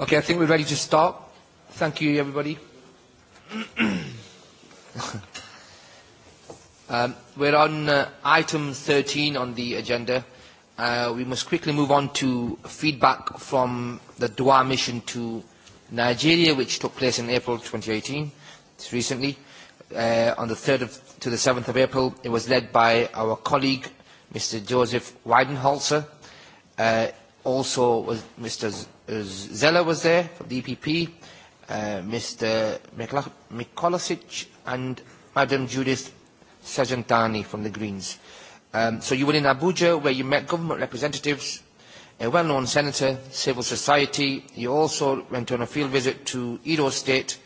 Okay, I think we're ready to start. Thank you, everybody. um, we're on item 13 on the agenda. Uh, we must quickly move on to feedback from the Dua mission to Nigeria, which took place in April 2018, recently. Uh, on the 3rd of, to the 7th of April, it was led by our colleague, Mr. Joseph Weidenholzer. Also, was Mr. Zeller was there from the EPP, Mr. Mikolasic, and Madam Judith Sajantani from the Greens. So you were in Abuja, where you met government representatives, a well-known senator, civil society. You also went on a field visit to Edo State,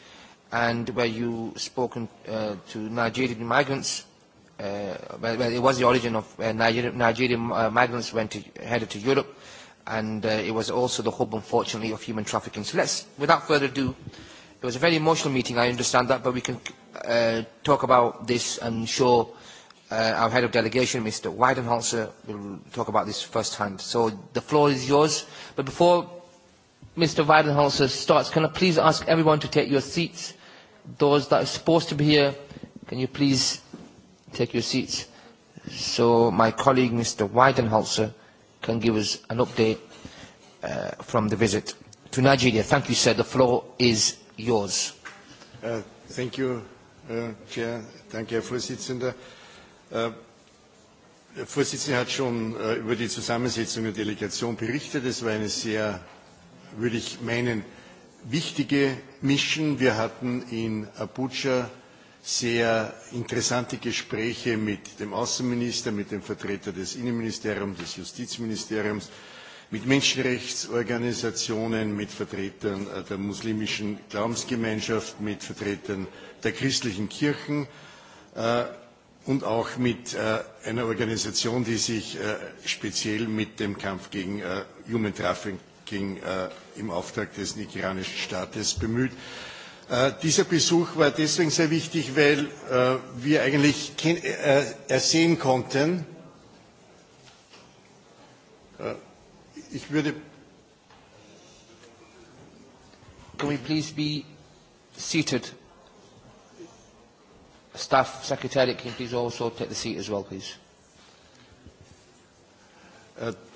and where you spoke to Nigerian migrants. it was the origin of Nigerian migrants went headed to Europe and it was also the hub, unfortunately, of human trafficking. So let's, without further ado, it was a very emotional meeting, I understand that, but we can talk about this and show our head of delegation, Mr. Weidenholzer, will talk about this firsthand. So the floor is yours, but before Mr. Weidenholzer starts, can I please ask everyone to take your seats? Those that are supposed to be here, can you please take your seats? So my colleague, Mr. Weidenholzer, can give us an update from the visit to Nigeria. Thank you, sir. The floor is yours. Thank you, Chair. Danke, Herr Vorsitzender. Der Vorsitzende hat schon über die Zusammensetzung der Delegation berichtet. Es war eine sehr, würde ich meinen, wichtige Mission. Wir hatten in Abuja sehr interessante Gespräche mit dem Außenminister, mit dem Vertreter des Innenministeriums, des Justizministeriums, mit Menschenrechtsorganisationen, mit Vertretern der muslimischen Glaubensgemeinschaft, mit Vertretern der christlichen Kirchen und auch mit einer Organisation, die sich speziell mit dem Kampf gegen Human Trafficking im Auftrag des nigerianischen Staates bemüht. Dieser Besuch war deswegen sehr wichtig, weil wir eigentlich ersehen konnten, ich würde. Can we please be seated? Staff Secretary, can you please also take the seat as well, please?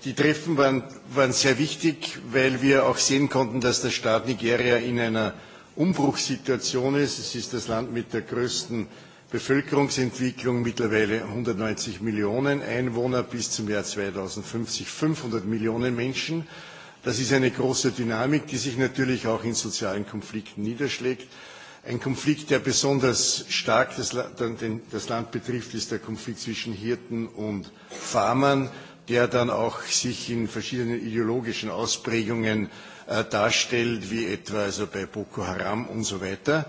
Die Treffen waren, waren sehr wichtig, weil wir auch sehen konnten, dass der Staat Nigeria in einer Umbruchssituation ist. Es ist das Land mit der größten Bevölkerungsentwicklung mittlerweile 190 Millionen Einwohner bis zum Jahr 2050 500 Millionen Menschen. Das ist eine große Dynamik, die sich natürlich auch in sozialen Konflikten niederschlägt. Ein Konflikt, der besonders stark das Land betrifft, ist der Konflikt zwischen Hirten und Farmern, der dann auch sich in verschiedenen ideologischen Ausprägungen darstellt, wie etwa also bei Boko Haram und so weiter.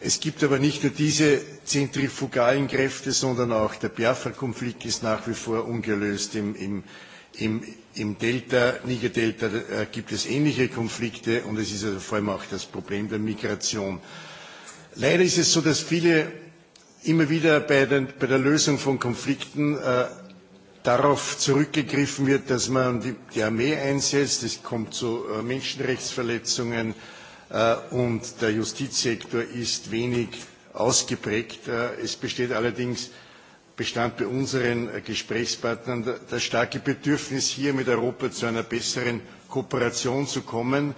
Es gibt aber nicht nur diese zentrifugalen Kräfte, sondern auch der Biafra-Konflikt ist nach wie vor ungelöst. Im Delta, Niger-Delta gibt es ähnliche Konflikte und es ist also vor allem auch das Problem der Migration. Leider ist es so, dass viele immer wieder bei der Lösung von Konflikten darauf zurückgegriffen wird, dass man die Armee einsetzt. Es kommt zu Menschenrechtsverletzungen und der Justizsektor ist wenig ausgeprägt. Es besteht allerdings bestand bei unseren Gesprächspartnern das starke Bedürfnis, hier mit Europa zu einer besseren Kooperation zu kommen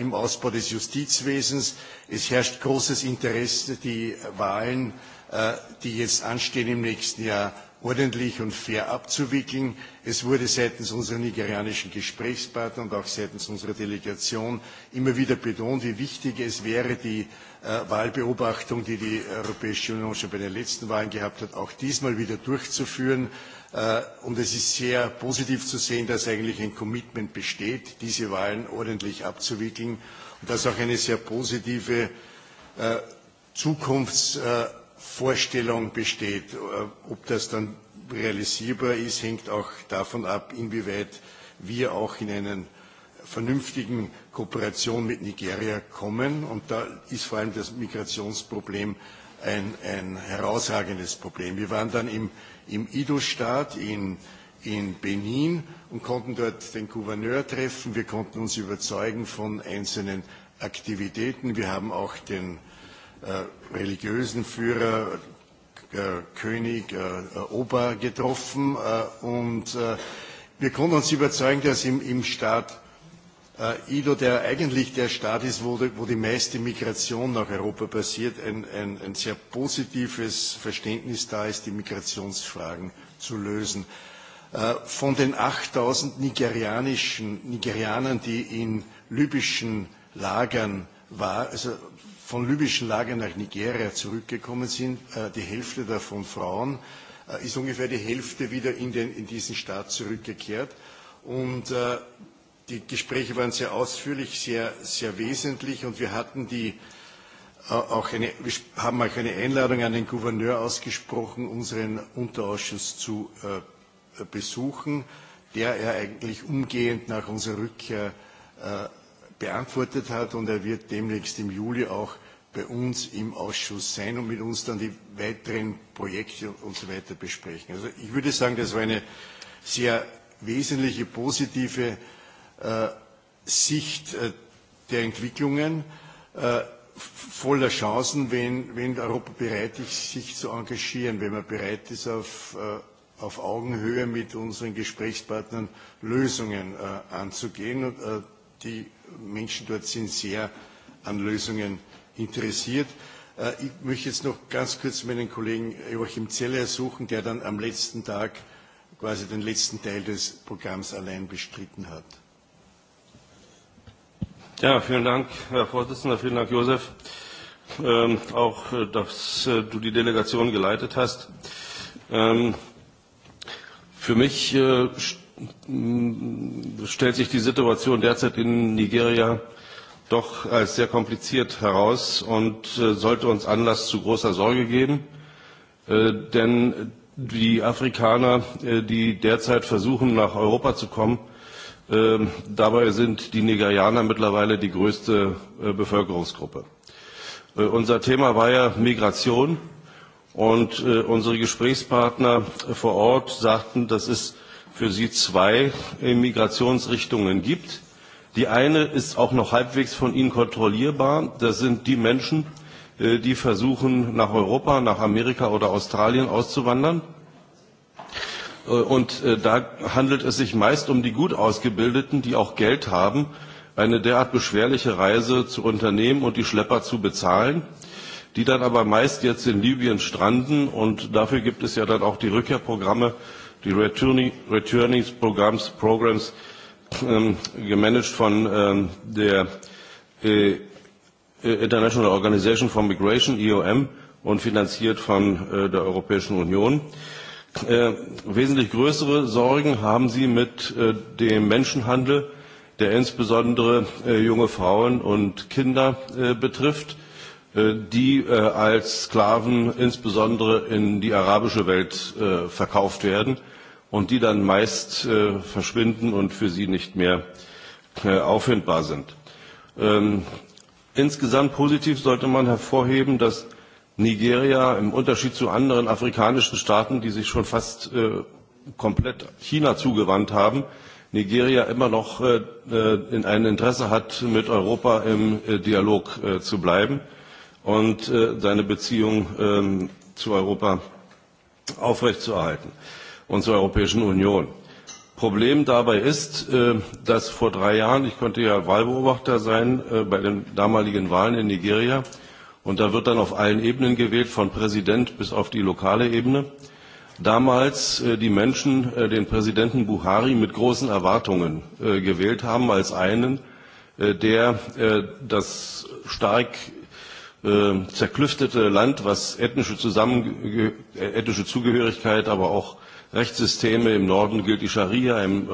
im Ausbau des Justizwesens. Es herrscht großes Interesse, die Wahlen, die jetzt anstehen im nächsten Jahr, ordentlich und fair abzuwickeln. Es wurde seitens unserer nigerianischen Gesprächspartner und auch seitens unserer Delegation immer wieder betont, wie wichtig es wäre, die Wahlbeobachtung, die die Europäische Union schon bei den letzten Wahlen gehabt hat, auch diesmal wieder durchzuführen. Und es ist sehr positiv zu sehen, dass eigentlich ein Commitment besteht, diese Wahlen ordentlich abzuwickeln und dass auch eine sehr positive Zukunfts Vorstellung besteht. Ob das dann realisierbar ist, hängt auch davon ab, inwieweit wir auch in einen vernünftigen Kooperation mit Nigeria kommen. Und da ist vor allem das Migrationsproblem ein herausragendes Problem. Wir waren dann im Ido-Staat in Benin und konnten dort den Gouverneur treffen. Wir konnten uns überzeugen von einzelnen Aktivitäten. Wir haben auch den religiösen Führer, König, Opa getroffen und wir konnten uns überzeugen, dass im Staat Ido, der eigentlich der Staat ist, wo die meiste Migration nach Europa passiert, ein sehr positives Verständnis da ist, die Migrationsfragen zu lösen. Von den 8000 nigerianischen Nigerianern, die in libyschen Lagern waren, also von libyschen Lager nach Nigeria zurückgekommen sind, die Hälfte davon Frauen, ist ungefähr die Hälfte wieder in diesen Staat zurückgekehrt. Und die Gespräche waren sehr ausführlich, sehr, wesentlich und wir hatten auch eine, wir haben auch eine Einladung an den Gouverneur ausgesprochen, unseren Unterausschuss zu besuchen, der er eigentlich umgehend nach unserer Rückkehr beantwortet hat. Und er wird demnächst im Juli auch bei uns im Ausschuss sein und mit uns dann die weiteren Projekte und so weiter besprechen. Also ich würde sagen, das war eine sehr wesentliche positive Sicht der Entwicklungen voller Chancen, wenn, Europa bereit ist, sich zu engagieren, wenn man bereit ist, auf, auf Augenhöhe mit unseren Gesprächspartnern Lösungen anzugehen, die Menschen dort sind sehr an Lösungen interessiert. Ich möchte jetzt noch ganz kurz meinen Kollegen Joachim Zeller ersuchen, der dann am letzten Tag quasi den letzten Teil des Programms allein bestritten hat. vielen Dank, Herr Vorsitzender, vielen Dank, Josef, auch, dass du die Delegation geleitet hast. Für mich stellt sich die Situation derzeit in Nigeria doch als sehr kompliziert heraus und sollte uns Anlass zu großer Sorge geben. Denn die Afrikaner, die derzeit versuchen, nach Europa zu kommen, dabei sind die Nigerianer mittlerweile die größte Bevölkerungsgruppe. Unser Thema war ja Migration und unsere Gesprächspartner vor Ort sagten, das ist für Sie zwei Migrationsrichtungen gibt. Die eine ist auch noch halbwegs von Ihnen kontrollierbar. Das sind die Menschen, die versuchen, nach Europa, nach Amerika oder Australien auszuwandern. Und da handelt es sich meist um die gut ausgebildeten, die auch Geld haben, eine derart beschwerliche Reise zu unternehmen und die Schlepper zu bezahlen, die dann aber meist jetzt in Libyen stranden. Und dafür gibt es ja dann auch die Rückkehrprogramme die Returnees Programs, Programs gemanagt von der International Organization for Migration, IOM, und finanziert von der Europäischen Union. Wesentlich größere Sorgen haben sie mit dem Menschenhandel, der insbesondere junge Frauen und Kinder betrifft die als Sklaven insbesondere in die arabische Welt verkauft werden und die dann meist verschwinden und für sie nicht mehr auffindbar sind. Insgesamt positiv sollte man hervorheben, dass Nigeria im Unterschied zu anderen afrikanischen Staaten, die sich schon fast komplett China zugewandt haben, Nigeria immer noch ein Interesse hat, mit Europa im Dialog zu bleiben und seine Beziehung zu Europa aufrechtzuerhalten und zur Europäischen Union. Problem dabei ist, dass vor drei Jahren, ich konnte ja Wahlbeobachter sein bei den damaligen Wahlen in Nigeria, und da wird dann auf allen Ebenen gewählt, von Präsident bis auf die lokale Ebene, damals die Menschen den Präsidenten Buhari mit großen Erwartungen gewählt haben als einen, der das stark zerklüftete Land, was ethnische, ethnische Zugehörigkeit, aber auch Rechtssysteme im Norden gilt die Scharia, im,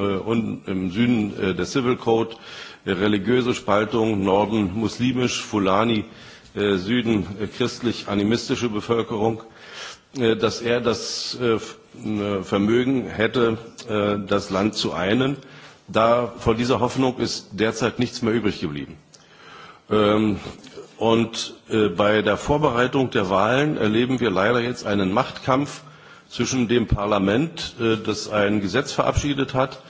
im Süden der Civil Code, religiöse Spaltung, Norden muslimisch, Fulani, Süden christlich-animistische Bevölkerung, dass er das Vermögen hätte, das Land zu einen. Da von dieser Hoffnung ist derzeit nichts mehr übrig geblieben. Und bei der Vorbereitung der Wahlen erleben wir leider jetzt einen Machtkampf zwischen dem Parlament, das ein Gesetz verabschiedet hat,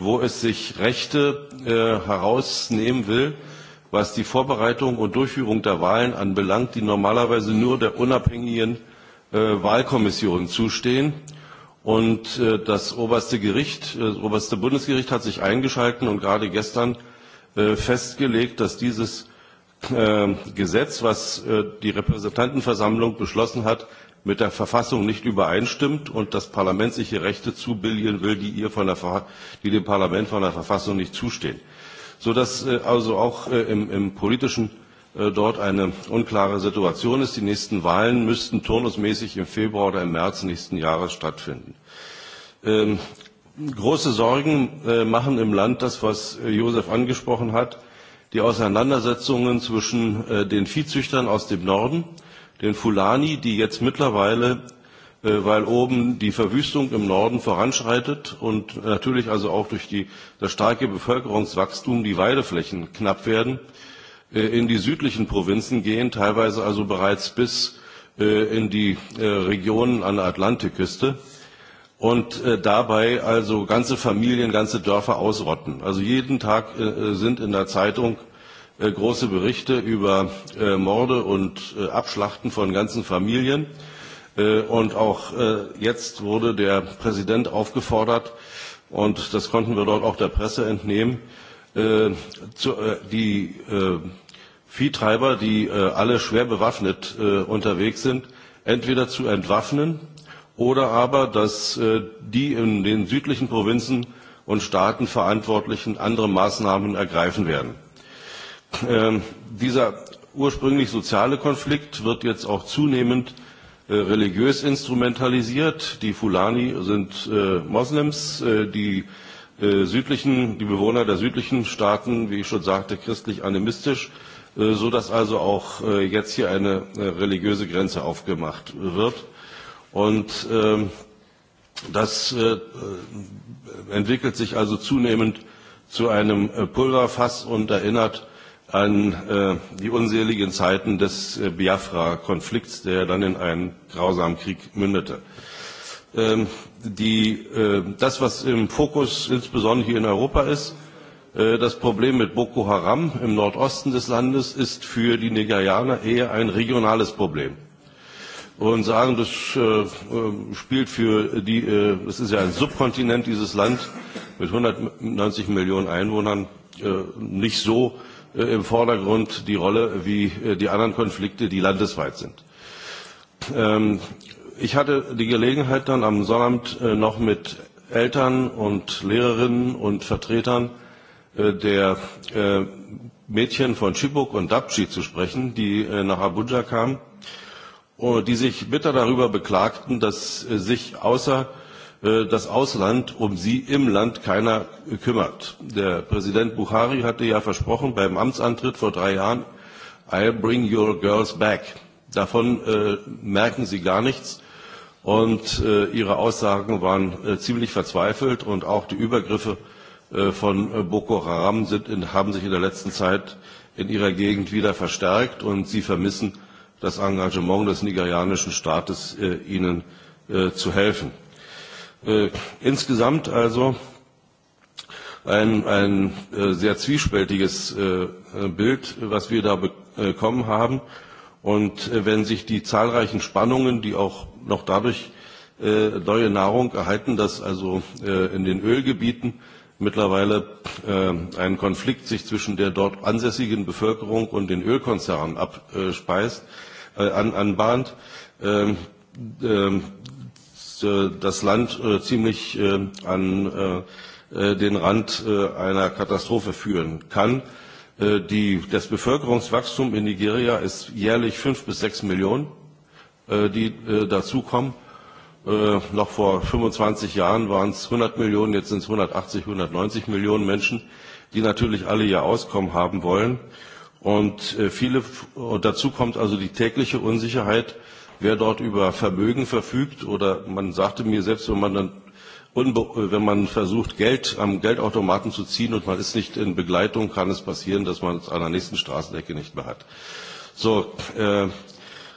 wo es sich Rechte herausnehmen will, was die Vorbereitung und Durchführung der Wahlen anbelangt, die normalerweise nur der unabhängigen Wahlkommission zustehen. Und das oberste Gericht, das oberste Bundesgericht hat sich eingeschaltet und gerade gestern festgelegt, dass dieses Gesetz, das die Repräsentantenversammlung beschlossen hat, mit der Verfassung nicht übereinstimmt und das Parlament sich hier Rechte zubilligen will, die, dem Parlament von der Verfassung nicht zustehen. Sodass also auch im, im politischen dort eine unklare Situation ist. Die nächsten Wahlen müssten turnusmäßig im Februar oder im März nächsten Jahres stattfinden. Große Sorgen machen im Land das, was Josef angesprochen hat, die Auseinandersetzungen zwischen den Viehzüchtern aus dem Norden, den Fulani, die jetzt mittlerweile, weil oben die Verwüstung im Norden voranschreitet und natürlich also auch durch das starke Bevölkerungswachstum die Weideflächen knapp werden, in die südlichen Provinzen gehen, teilweise also bereits bis in die Regionen an der Atlantikküste und dabei also ganze Familien, ganze Dörfer ausrotten. Also jeden Tag sind in der Zeitung große Berichte über Morde und Abschlachten von ganzen Familien. Und auch jetzt wurde der Präsident aufgefordert, und das konnten wir dort auch der Presse entnehmen, die Viehtreiber, die alle schwer bewaffnet unterwegs sind, entweder zu entwaffnen, oder aber, dass die in den südlichen Provinzen und Staaten Verantwortlichen andere Maßnahmen ergreifen werden. Dieser ursprünglich soziale Konflikt wird jetzt auch zunehmend religiös instrumentalisiert. Die Fulani sind Moslems, die südlichen, die Bewohner der südlichen Staaten, wie ich schon sagte, christlich-animistisch, sodass also auch jetzt hier eine religiöse Grenze aufgemacht wird. Und das entwickelt sich also zunehmend zu einem Pulverfass und erinnert an die unseligen Zeiten des Biafra-Konflikts, der dann in einen grausamen Krieg mündete. Das, was im Fokus insbesondere hier in Europa ist, das Problem mit Boko Haram im Nordosten des Landes, ist für die Nigerianer eher ein regionales Problem und sagen, das spielt für die, es ist ja ein Subkontinent, dieses Land mit 190 Millionen Einwohnern, nicht so im Vordergrund die Rolle wie die anderen Konflikte, die landesweit sind. Ich hatte die Gelegenheit dann am Sonnabend noch mit Eltern und Lehrerinnen und Vertretern der Mädchen von Chibuk und Dabchi zu sprechen, die nach Abuja kamen die sich bitter darüber beklagten, dass sich außer das Ausland um sie im Land keiner kümmert. Der Präsident Buhari hatte ja versprochen beim Amtsantritt vor drei Jahren, I'll bring your girls back. Davon merken sie gar nichts. Und ihre Aussagen waren ziemlich verzweifelt und auch die Übergriffe von Boko Haram haben sich in der letzten Zeit in ihrer Gegend wieder verstärkt und sie vermissen das Engagement des nigerianischen Staates ihnen zu helfen. Insgesamt also ein sehr zwiespältiges Bild, was wir da bekommen haben. Und wenn sich die zahlreichen Spannungen, die auch noch dadurch neue Nahrung erhalten, dass also in den Ölgebieten mittlerweile ein Konflikt sich zwischen der dort ansässigen Bevölkerung und den Ölkonzernen abspeist, anbahnt, das Land ziemlich an den Rand einer Katastrophe führen kann. Das Bevölkerungswachstum in Nigeria ist jährlich fünf bis sechs Millionen, die dazukommen. Noch vor 25 Jahren waren es 100 Millionen, jetzt sind es 180, 190 Millionen Menschen, die natürlich alle ihr Auskommen haben wollen Und viele, dazu kommt also die tägliche Unsicherheit, wer dort über Vermögen verfügt oder man sagte mir selbst, wenn man dann wenn man versucht, Geld am Geldautomaten zu ziehen und man ist nicht in Begleitung, kann es passieren, dass man es an der nächsten Straßenecke nicht mehr hat. So,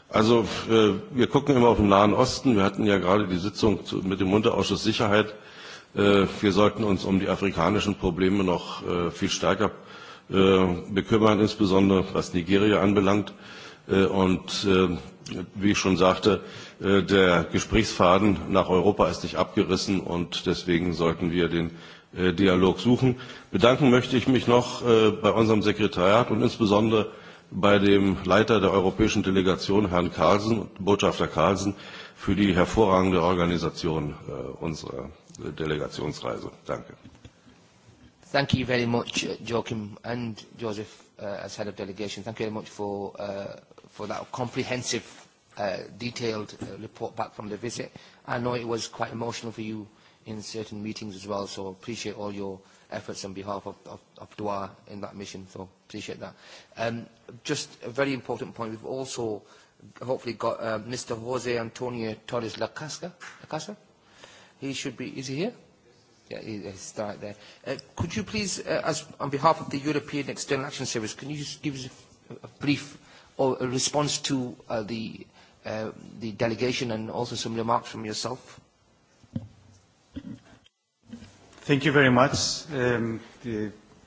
also wir gucken immer auf den Nahen Osten. Wir hatten ja gerade die Sitzung mit dem Unterausschuss Sicherheit. Wir sollten uns um die afrikanischen Probleme noch viel stärker Wir bekümmern, insbesondere was Nigeria anbelangt. Und wie ich schon sagte, der Gesprächsfaden nach Europa ist nicht abgerissen und deswegen sollten wir den Dialog suchen. Bedanken möchte ich mich noch bei unserem Sekretariat und insbesondere bei dem Leiter der europäischen Delegation, Herrn Carlsen, Botschafter Carlsen, für die hervorragende Organisation unserer Delegationsreise. Danke. Thank you very much, Joachim and Joseph, as head of delegation. Thank you very much for for that comprehensive, detailed report back from the visit. I know it was quite emotional for you in certain meetings as well, so appreciate all your efforts on behalf of of Dua in that mission. So appreciate that. Just a very important point. We've also hopefully got Mr. Jose Antonio Torres Lacasa. He should be. Is he here? yeah, start there. Could you please, as on behalf of the European External Action Service, can you just give us a brief or a response to the the delegation and also some remarks from yourself? Thank you very much,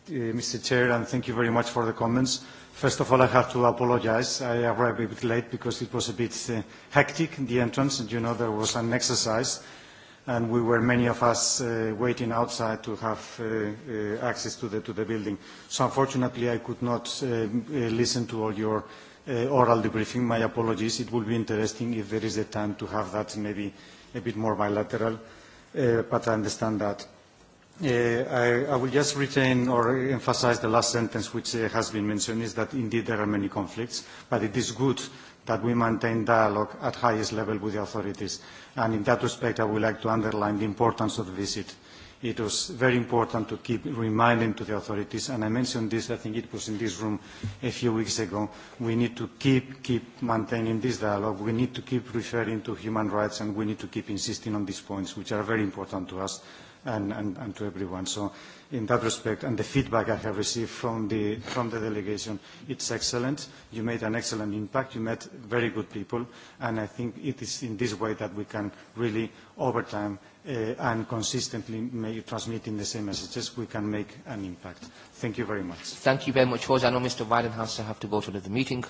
Mr. Chair, and thank you very much for the comments. First of all, I have to apologize. I arrived a bit late because it was a bit hectic in the entrance, and you know there was an exercise and we were many of us waiting outside to have access to the to the building. So unfortunately I could not listen to all your oral debriefing. My apologies. It will be interesting if there is a time to have that maybe a bit more bilateral, but I understand that. I will just retain or emphasize the last sentence which has been mentioned is that indeed there are many conflicts, but it is good that we maintain dialogue at highest level with the authorities. And in that respect, I would like to underline the importance of the visit. It was very important to keep reminding to the authorities, and I mentioned this, I think it was in this room a few weeks ago, we need to keep, keep maintaining this dialogue, we need to keep referring to human rights, and we need to keep insisting on these points, which are very important to us and, and, and to everyone. So in that respect, and the feedback I have received from the from the delegation, it's excellent. You made an excellent impact. You met very good people, and I think it is in this way that we can really, over time and consistently transmit the same messages, we can make an impact. Thank you very much. Thank you very much, Jose. I know Mr. Wyden has to have to go to the meeting.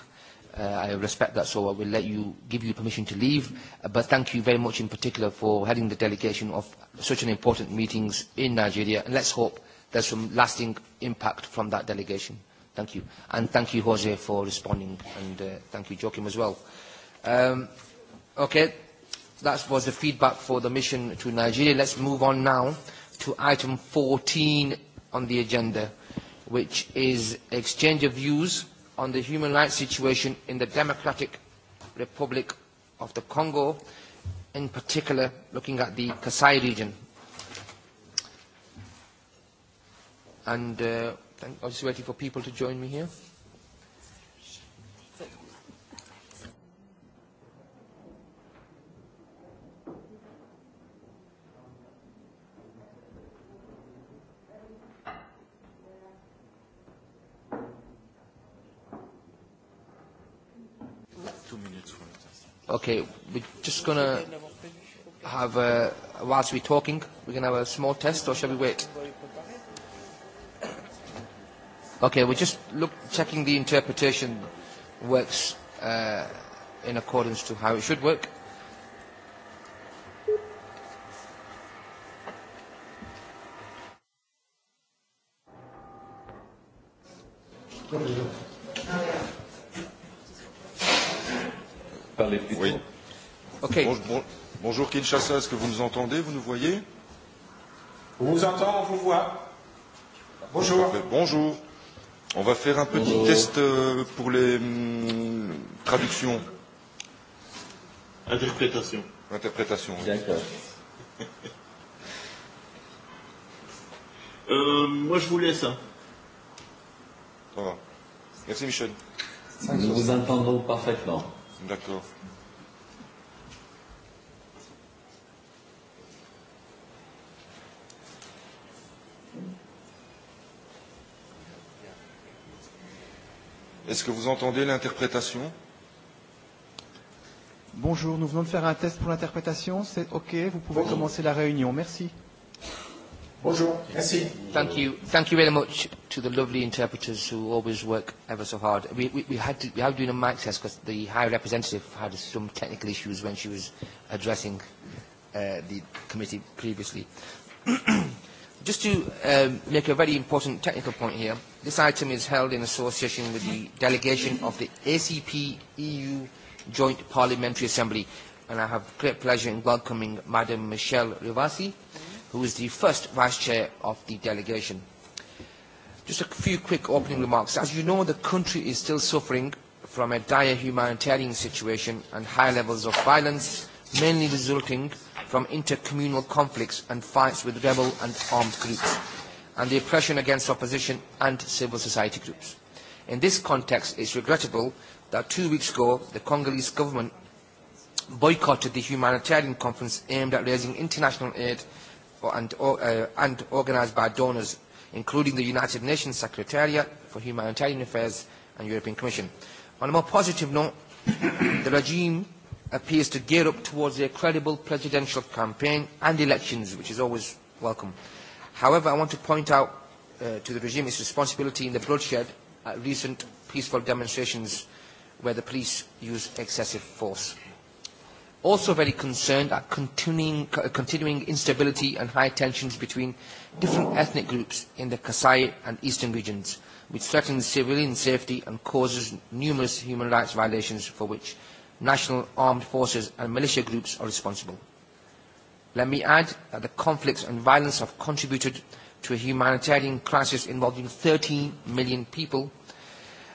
I respect that, so I will let you give you permission to leave. But thank you very much in particular for heading the delegation of such an important meetings in Nigeria. And let's hope there's some lasting impact from that delegation. Thank you. And thank you, Jose, for responding. And thank you, Joachim, as well. Okay, that was the feedback for the mission to Nigeria. Let's move on now to item 14 on the agenda, which is exchange of views on the human rights situation in the Democratic Republic of the Congo, in particular looking at the Kasai region. And I'm just waiting for people to join me here. Okay, we're just going to have, whilst we're talking, we're going to have a small test, or shall we wait? Okay, we're just look, checking the interpretation works uh, in accordance to how it should work. Oui. Okay. Bonjour Kinshasa, est-ce que vous nous entendez, vous nous voyez On vous entend, on vous voit. Bonjour. Bonjour. On va faire un petit test pour les traductions. Interprétation. Interprétation. D'accord. euh, moi, je vous laisse. Ça va. Merci, Michel. Nous vous entendons parfaitement. D'accord. Est-ce que vous entendez l'interprétation Bonjour, nous venons de faire un test pour l'interprétation. C'est OK, vous pouvez commencer la réunion. Merci. Bonjour, merci. Thank you, thank you very much to the lovely interpreters who always work ever so hard. We, we, we, had, to, we had doing a mic test because the High Representative had some technical issues when she was addressing uh, the committee previously. Just to make a very important technical point here, this item is held in association with the delegation of the ACP EU Joint Parliamentary Assembly, and I have great pleasure in welcoming Madam Michelle Rivasi, who is the first Vice Chair of the delegation. Just a few quick opening remarks. As you know, the country is still suffering from a dire humanitarian situation and high levels of violence, mainly resulting from intercommunal conflicts and fights with rebel and armed groups, and the oppression against opposition and civil society groups. In this context, it is regrettable that two weeks ago, the Congolese government boycotted the humanitarian conference aimed at raising international aid and organised by donors, including the United Nations Secretariat for Humanitarian Affairs and European Commission. On a more positive note, the regime appears to gear up towards a credible presidential campaign and elections, which is always welcome. However, I want to point out to the regime its responsibility in the bloodshed at recent peaceful demonstrations where the police use excessive force. Also very concerned at continuing instability and high tensions between different ethnic groups in the Kasai and eastern regions, which threatens civilian safety and causes numerous human rights violations for which national armed forces and militia groups are responsible. Let me add that the conflicts and violence have contributed to a humanitarian crisis involving 13 million people,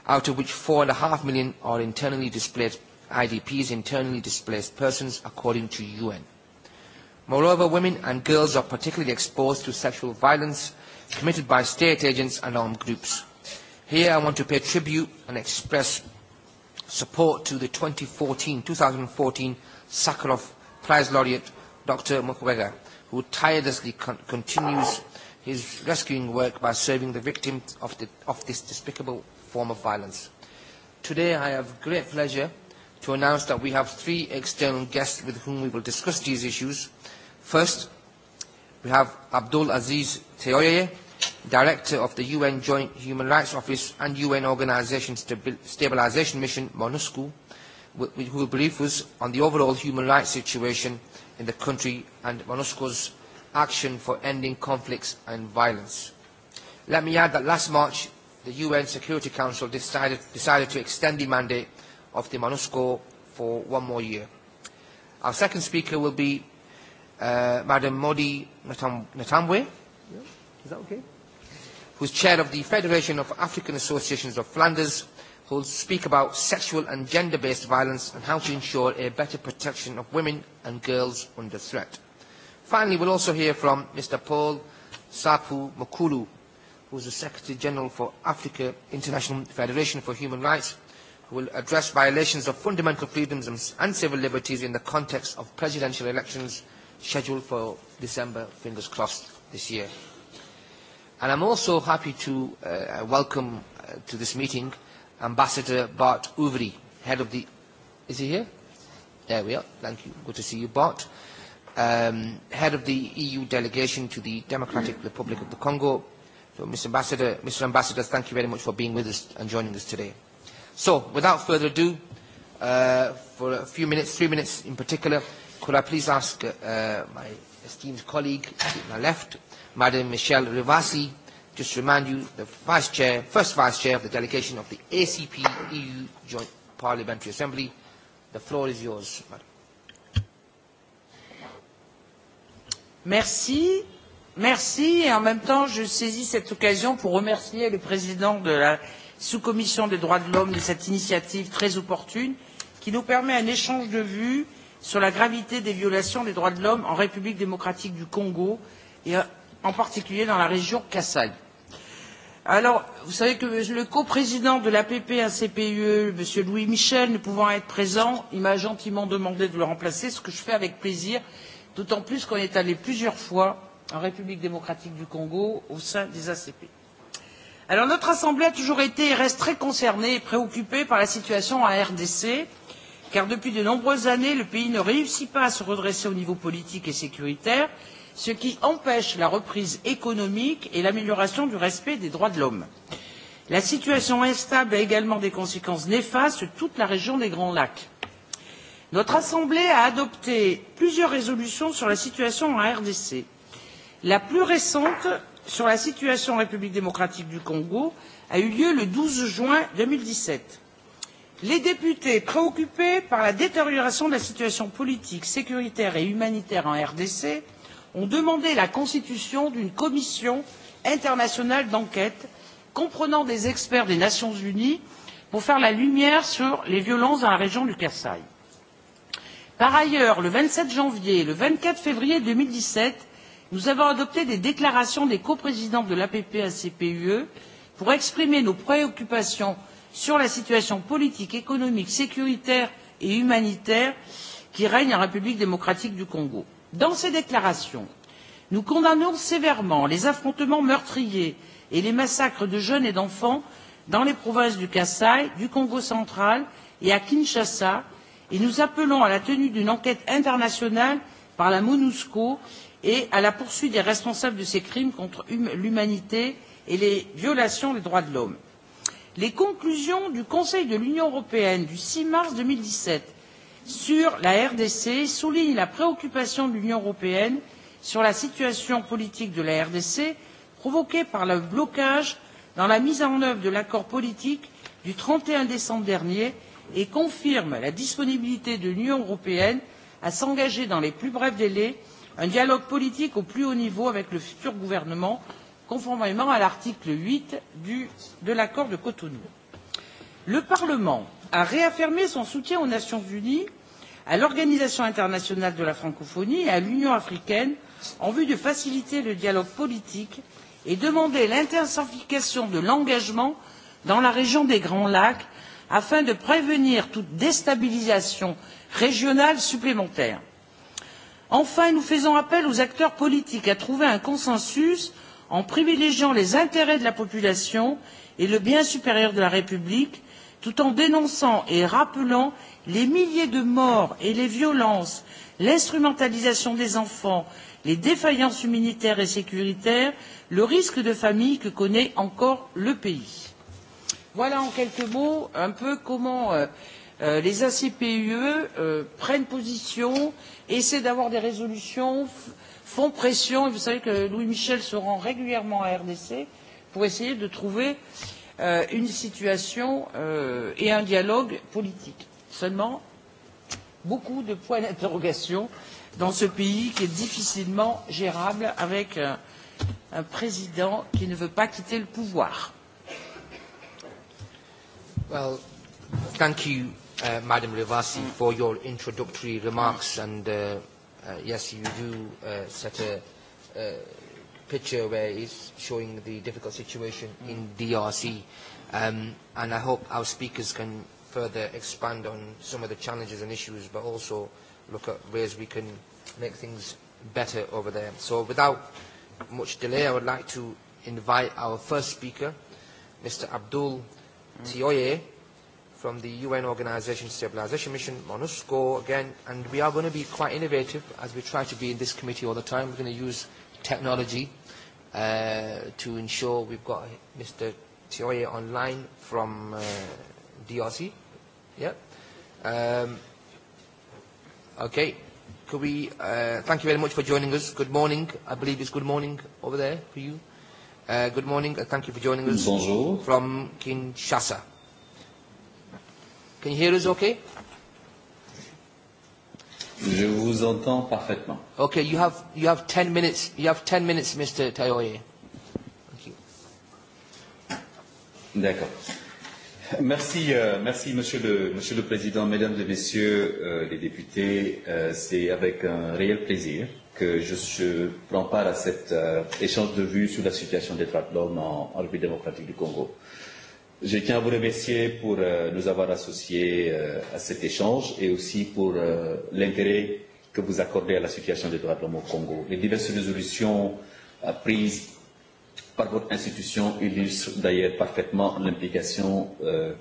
out of which 4.5 million are internally displaced IDPs, internally displaced persons, according to UN. Moreover, women and girls are particularly exposed to sexual violence committed by state agents and armed groups. Here I want to pay tribute and express support to the 2014, 2014 Sakharov Prize laureate Dr. Mukwege, who tirelessly continues his rescuing work by serving the victims of, of this despicable form of violence. Today I have great pleasure to announce that we have three external guests with whom we will discuss these issues. First, we have Abdul Aziz Teoye, Director of the UN Joint Human Rights Office and UN Organization Stabilization Mission, MONUSCO, who will brief us on the overall human rights situation in the country and MONUSCO's action for ending conflicts and violence. Let me add that last March, the UN Security Council decided to extend the mandate of the MONUSCO for one more year. Our second speaker will be Madam Modi Natamwe. Is that okay? Who's chair of the Federation of African Associations of Flanders, who will speak about sexual and gender-based violence and how to ensure a better protection of women and girls under threat. Finally, we'll also hear from Mr. Paul Sapu Makulu, who is the Secretary General for Africa International Federation for Human Rights, who will address violations of fundamental freedoms and civil liberties in the context of presidential elections scheduled for December, fingers crossed, this year. And I'm also happy to welcome to this meeting Ambassador Bart Uvri, head of the... Is he here? There we are. Thank you. Good to see you, Bart. Head of the EU delegation to the Democratic Republic of the Congo. So, Mr. Ambassador, Mr. Ambassador, thank you very much for being with us and joining us today. So, without further ado, for a few minutes, three minutes in particular, Could I please ask my esteemed colleague to my left, Madam Michelle Rivasi, just to remind you, the Vice Chair, first Vice Chair of the delegation of the ACP EU Joint Parliamentary Assembly. The floor is yours, Madam. Merci. Merci. Et en même temps, je saisis cette occasion pour remercier le président de la sous-commission des droits de l'homme de cette initiative très opportune qui nous permet un échange de vues sur la gravité des violations des droits de l'homme en République démocratique du Congo et en particulier dans la région Kassai. Alors, vous savez que le coprésident de l'APP ue M. Louis Michel, ne pouvant être présent, il m'a gentiment demandé de le remplacer, ce que je fais avec plaisir, d'autant plus qu'on est allé plusieurs fois en République démocratique du Congo au sein des ACP. Alors, notre Assemblée a toujours été et reste très concernée et préoccupée par la situation en RDC car depuis de nombreuses années le pays ne réussit pas à se redresser au niveau politique et sécuritaire ce qui empêche la reprise économique et l'amélioration du respect des droits de l'homme. la situation instable a également des conséquences néfastes sur toute la région des grands lacs. notre assemblée a adopté plusieurs résolutions sur la situation en rdc la plus récente sur la situation en république démocratique du congo a eu lieu le douze juin deux mille dix sept les députés préoccupés par la détérioration de la situation politique sécuritaire et humanitaire en rdc ont demandé la constitution d'une commission internationale d'enquête comprenant des experts des nations unies pour faire la lumière sur les violences dans la région du kasaï. par ailleurs le vingt sept janvier et le vingt quatre février deux mille dix sept nous avons adopté des déclarations des coprésidents de l'app acp ue pour exprimer nos préoccupations sur la situation politique, économique, sécuritaire et humanitaire qui règne en République démocratique du Congo. Dans ces déclarations, nous condamnons sévèrement les affrontements meurtriers et les massacres de jeunes et d'enfants dans les provinces du Kasaï, du Congo central et à Kinshasa, et nous appelons à la tenue d'une enquête internationale par la MONUSCO et à la poursuite des responsables de ces crimes contre l'humanité et les violations des droits de l'homme les conclusions du Conseil de l'Union européenne du six mars deux mille dix sept sur la RDC soulignent la préoccupation de l'Union européenne sur la situation politique de la RDC provoquée par le blocage dans la mise en œuvre de l'accord politique du trente et un décembre dernier et confirme la disponibilité de l'Union européenne à s'engager dans les plus brefs délais un dialogue politique au plus haut niveau avec le futur gouvernement conformément à l'article 8 de l'accord de Cotonou. Le Parlement a réaffirmé son soutien aux Nations unies, à l'Organisation internationale de la francophonie et à l'Union africaine en vue de faciliter le dialogue politique et demander l'intensification de l'engagement dans la région des Grands Lacs afin de prévenir toute déstabilisation régionale supplémentaire. Enfin, nous faisons appel aux acteurs politiques à trouver un consensus en privilégiant les intérêts de la population et le bien supérieur de la République, tout en dénonçant et rappelant les milliers de morts et les violences, l'instrumentalisation des enfants, les défaillances humanitaires et sécuritaires, le risque de famine que connaît encore le pays. Voilà en quelques mots un peu comment les ACPUE prennent position, essaient d'avoir des résolutions, font pression, et vous savez que Louis Michel se rend régulièrement à RDC, pour essayer de trouver une situation et un dialogue politique. Seulement, beaucoup de points d'interrogation dans ce pays qui est difficilement gérable avec un président qui ne veut pas quitter le pouvoir. Well, thank you, Madam Rivasi, for your introductory remarks and yes, you do set a picture where it's showing the difficult situation in DRC, and I hope our speakers can further expand on some of the challenges and issues, but also look at ways we can make things better over there. So without much delay, I would like to invite our first speaker, Mr. Abdul Tioye from the UN Organization Stabilization Mission, MONUSCO, again, and we are going to be quite innovative, as we try to be in this committee all the time. We're going to use technology to ensure we've got Mr. Tioye online from DRC. Yeah. Um, okay. Could we, thank you very much for joining us. Good morning. I believe it's good morning over there for you. good morning. Thank you for joining us. Bonjour. From Kinshasa. Can you hear us okay? Je vous entends parfaitement. Okay, you have you have 10 minutes. You have 10 minutes, Mr. Thank you. D'accord. Merci, euh, merci Monsieur le, Monsieur le Président, Mesdames et Messieurs les députés. Euh, C'est avec un réel plaisir que je prends part à cet échange de vues sur la situation des droits de l'homme en République démocratique du Congo. Je tiens à vous remercier pour nous avoir associés à cet échange et aussi pour l'intérêt que vous accordez à la situation des droits de l'homme au Congo. Les diverses résolutions prises par votre institution illustrent d'ailleurs parfaitement l'implication de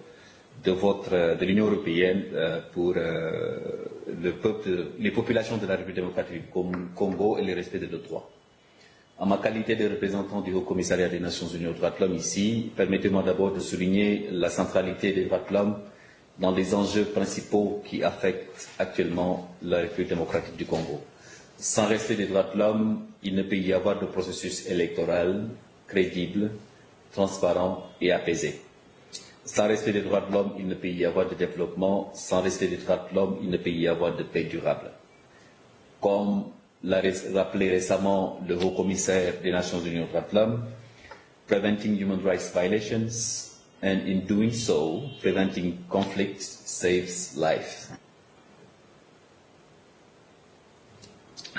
de l'Union européenne pour le peuple, les populations de la République démocratique du Congo et le respect des droits. En ma qualité de représentant du Haut Commissariat des Nations Unies aux droits de l'homme ici, permettez-moi d'abord de souligner la centralité des droits de l'homme dans les enjeux principaux qui affectent actuellement la République démocratique du Congo. Sans respect des droits de l'homme, il ne peut y avoir de processus électoral crédible, transparent et apaisé. Sans respect des droits de l'homme, il ne peut y avoir de développement. Sans respect des droits de l'homme, il ne peut y avoir de paix durable. Comme rappelé récemment le haut commissaire des Nations Unies de preventing human rights violations and in doing so, preventing conflict saves lives.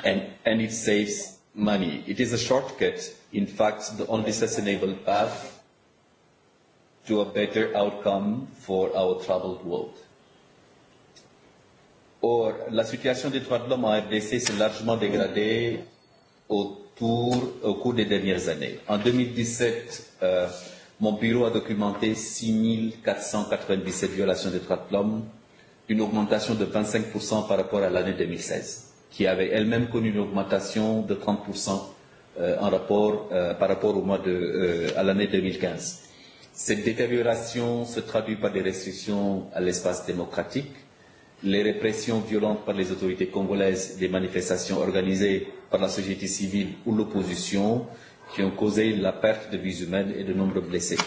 And, and it saves money. It is a shortcut, in fact, the only sustainable path to a better outcome for our troubled world. Or, la situation des droits de l'homme en RDC s'est largement dégradée autour, au cours des dernières années. En 2017, euh, mon bureau a documenté 6497 violations des droits de l'homme, une augmentation de 25% par rapport à l'année 2016, qui avait elle-même connu une augmentation de 30% en rapport, par rapport au mois de, euh, à l'année 2015. Cette détérioration se traduit par des restrictions à l'espace démocratique, les répressions violentes par les autorités congolaises des manifestations organisées par la société civile ou l'opposition qui ont causé la perte de vies humaines et de nombreux blessés,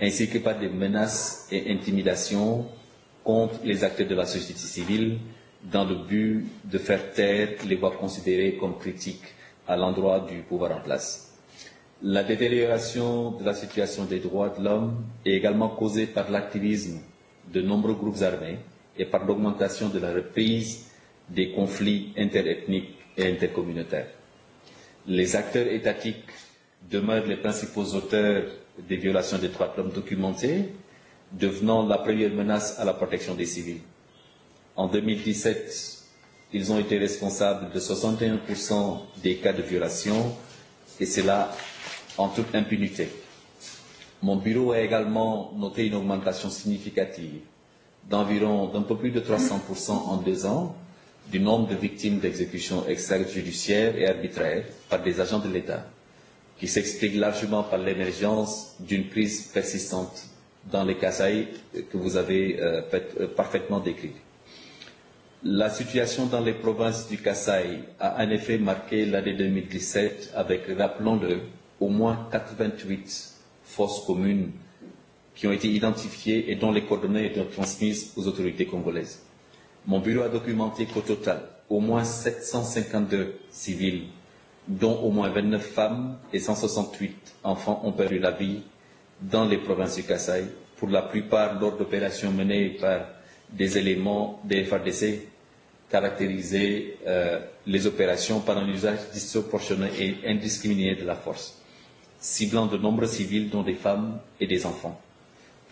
ainsi que par des menaces et intimidations contre les acteurs de la société civile dans le but de faire taire les voix considérées comme critiques à l'endroit du pouvoir en place. La détérioration de la situation des droits de l'homme est également causée par l'activisme de nombreux groupes armés et par l'augmentation de la reprise des conflits interethniques et intercommunautaires. Les acteurs étatiques demeurent les principaux auteurs des violations des droits de l'homme documentées, devenant la première menace à la protection des civils. En 2017, ils ont été responsables de 61% des cas de violation, et cela en toute impunité. Mon bureau a également noté une augmentation significative d'environ d'un peu plus de 300% en deux ans du nombre de victimes d'exécutions extrajudiciaires et arbitraires par des agents de l'État, qui s'explique largement par l'émergence d'une crise persistante dans les Kasaï que vous avez parfaitement décrit. La situation dans les provinces du Kasaï a en effet marqué l'année 2017 avec, rappelons-le, au moins 88 forces communes qui ont été identifiés et dont les coordonnées étaient transmises aux autorités congolaises. Mon bureau a documenté qu'au total, au moins 752 civils, dont au moins 29 femmes et 168 enfants ont perdu la vie dans les provinces du Kassai, pour la plupart lors d'opérations menées par des éléments des FADC, caractérisés les opérations par un usage disproportionné et indiscriminé de la force, ciblant de nombreux civils, dont des femmes et des enfants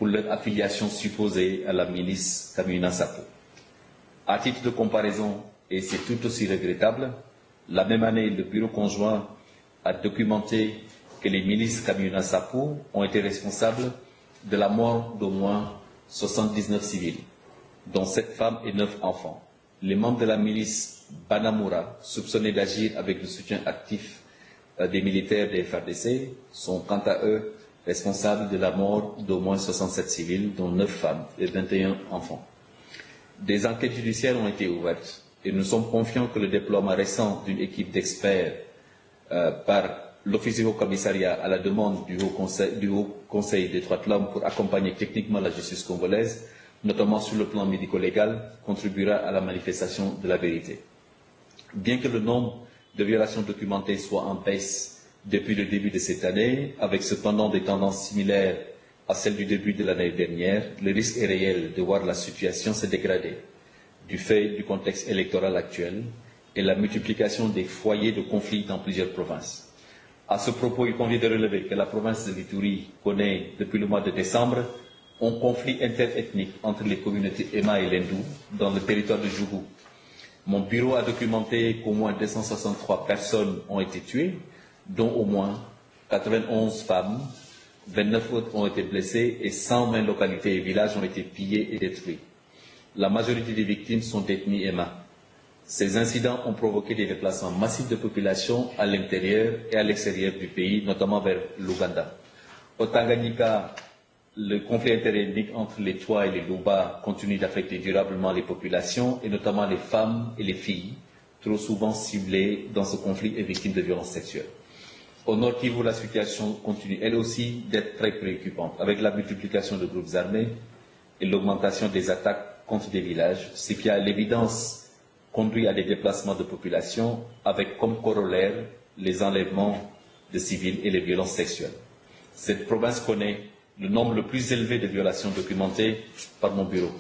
pour leur affiliation supposée à la milice Kamina Sapo. À titre de comparaison, et c'est tout aussi regrettable, la même année, le bureau conjoint a documenté que les milices Kamina Sapo ont été responsables de la mort d'au moins 79 civils, dont 7 femmes et neuf enfants. Les membres de la milice Banamura, soupçonnés d'agir avec le soutien actif des militaires des FRDC, sont quant à eux responsable de la mort d'au moins 67 civils, dont 9 femmes et 21 enfants. Des enquêtes judiciaires ont été ouvertes et nous sommes confiants que le déploiement récent d'une équipe d'experts par l'Office du Haut Commissariat à la demande du Haut Conseil, du Haut Conseil des droits de l'homme pour accompagner techniquement la justice congolaise, notamment sur le plan médico-légal, contribuera à la manifestation de la vérité. Bien que le nombre de violations documentées soit en baisse depuis le début de cette année, avec cependant des tendances similaires à celles du début de l'année dernière, le risque est réel de voir la situation se dégrader du fait du contexte électoral actuel et la multiplication des foyers de conflits dans plusieurs provinces. À ce propos, il convient de relever que la province de Vitouri connaît, depuis le mois de décembre, un conflit interethnique entre les communautés Emma et Lendou dans le territoire de Jougou. Mon bureau a documenté qu'au moins 263 personnes ont été tuées, dont au moins 91 femmes, 29 autres ont été blessées et 120 localités et villages ont été pillés et détruits. La majorité des victimes sont détenues et Ces incidents ont provoqué des déplacements massifs de populations à l'intérieur et à l'extérieur du pays, notamment vers l'Ouganda. Au Tanganyika, le conflit interethnique entre les Twa et les Luba continue d'affecter durablement les populations, et notamment les femmes et les filles, trop souvent ciblées dans ce conflit et victimes de violences sexuelles au nord Kivu, la situation continue, elle aussi, d'être très préoccupante, avec la multiplication de groupes armés et l'augmentation des attaques contre des villages, ce qui, à l'évidence, conduit à des déplacements de population, avec comme corollaire les enlèvements de civils et les violences sexuelles. Cette province connaît le nombre le plus élevé de violations documentées par mon bureau.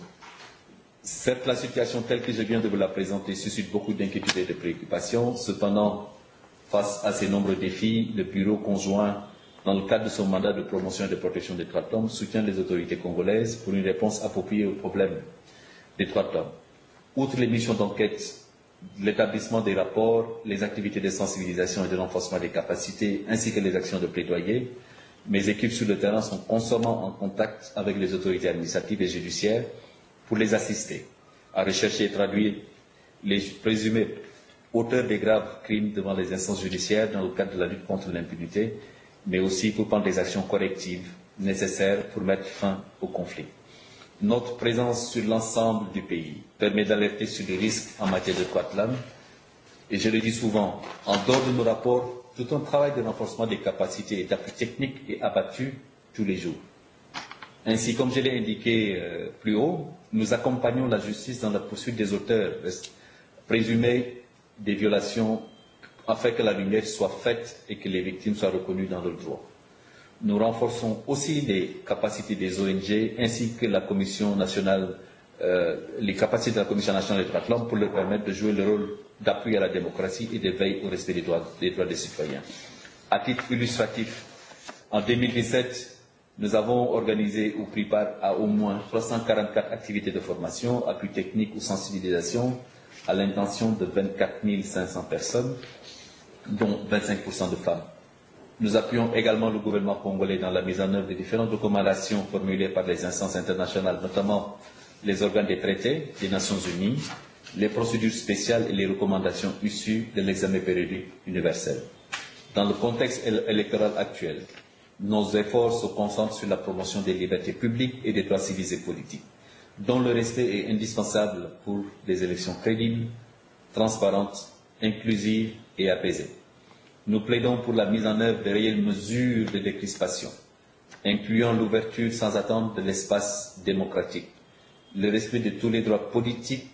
Certes, la situation telle que je viens de vous la présenter suscite beaucoup d'inquiétudes et de préoccupations. Cependant, Face à ces nombreux défis, le bureau conjoint, dans le cadre de son mandat de promotion et de protection des droits de l'homme, soutient les autorités congolaises pour une réponse appropriée aux problèmes des droits de l'homme. Outre les missions d'enquête, l'établissement des rapports, les activités de sensibilisation et de renforcement des capacités, ainsi que les actions de plaidoyer, mes équipes sur le terrain sont constamment en contact avec les autorités administratives et judiciaires pour les assister à rechercher et traduire les présumés auteur des graves crimes devant les instances judiciaires dans le cadre de la lutte contre l'impunité, mais aussi pour prendre des actions correctives nécessaires pour mettre fin au conflit. Notre présence sur l'ensemble du pays permet d'alerter sur les risques en matière de Kwatlam. Et je le dis souvent, en dehors de nos rapports, tout un travail de renforcement des capacités et d'appui technique est abattu tous les jours. Ainsi, comme je l'ai indiqué plus haut, nous accompagnons la justice dans la poursuite des auteurs présumés des violations afin que la lumière soit faite et que les victimes soient reconnues dans leurs droits. Nous renforçons aussi les capacités des ONG ainsi que la Commission nationale, les capacités de la Commission nationale des droits de l'homme pour leur permettre de jouer le rôle d'appui à la démocratie et de veille au respect des droits des, droits des citoyens. À titre illustratif, en 2017, nous avons organisé ou pris part à au moins 344 activités de formation, appui technique ou sensibilisation à l'intention de 24 500 personnes, dont 25% de femmes. Nous appuyons également le gouvernement congolais dans la mise en œuvre des différentes recommandations formulées par les instances internationales, notamment les organes des traités des Nations Unies, les procédures spéciales et les recommandations issues de l'examen périodique universel. Dans le contexte électoral actuel, nos efforts se concentrent sur la promotion des libertés publiques et des droits civils et politiques dont le respect est indispensable pour des élections crédibles, transparentes, inclusives et apaisées. Nous plaidons pour la mise en œuvre de réelles mesures de décrispation, incluant l'ouverture sans attente de l'espace démocratique, le respect de tous les droits politiques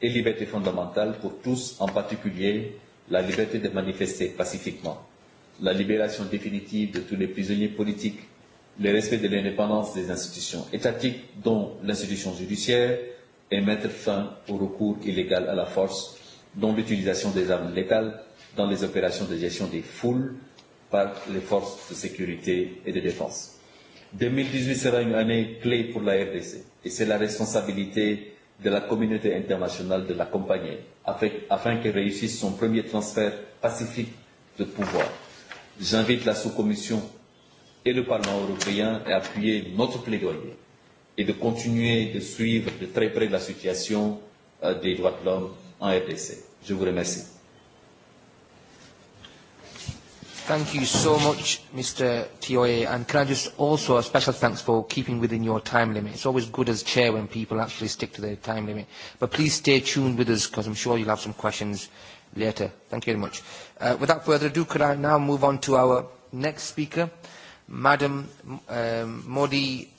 et libertés fondamentales pour tous, en particulier la liberté de manifester pacifiquement, la libération définitive de tous les prisonniers politiques, le respect de l'indépendance des institutions étatiques, dont l'institution judiciaire, et mettre fin au recours illégal à la force, dont l'utilisation des armes létales dans les opérations de gestion des foules par les forces de sécurité et de défense. 2018 sera une année clé pour la RDC et c'est la responsabilité de la communauté internationale de l'accompagner afin qu'elle réussisse son premier transfert pacifique de pouvoir. J'invite la sous-commission et le Parlement européen et appuyer notre plaidoyer et de continuer de suivre de très près la situation des droits de l'homme en RDC. Je vous remercie. Thank you so much, Mr. Tioe. And can I just also a special thanks for keeping within your time limit. It's always good as chair when people actually stick to their time limit. But please stay tuned with us because I'm sure you'll have some questions later. Thank you very much. Uh, without further ado, could I now move on to our next speaker? Madam Modi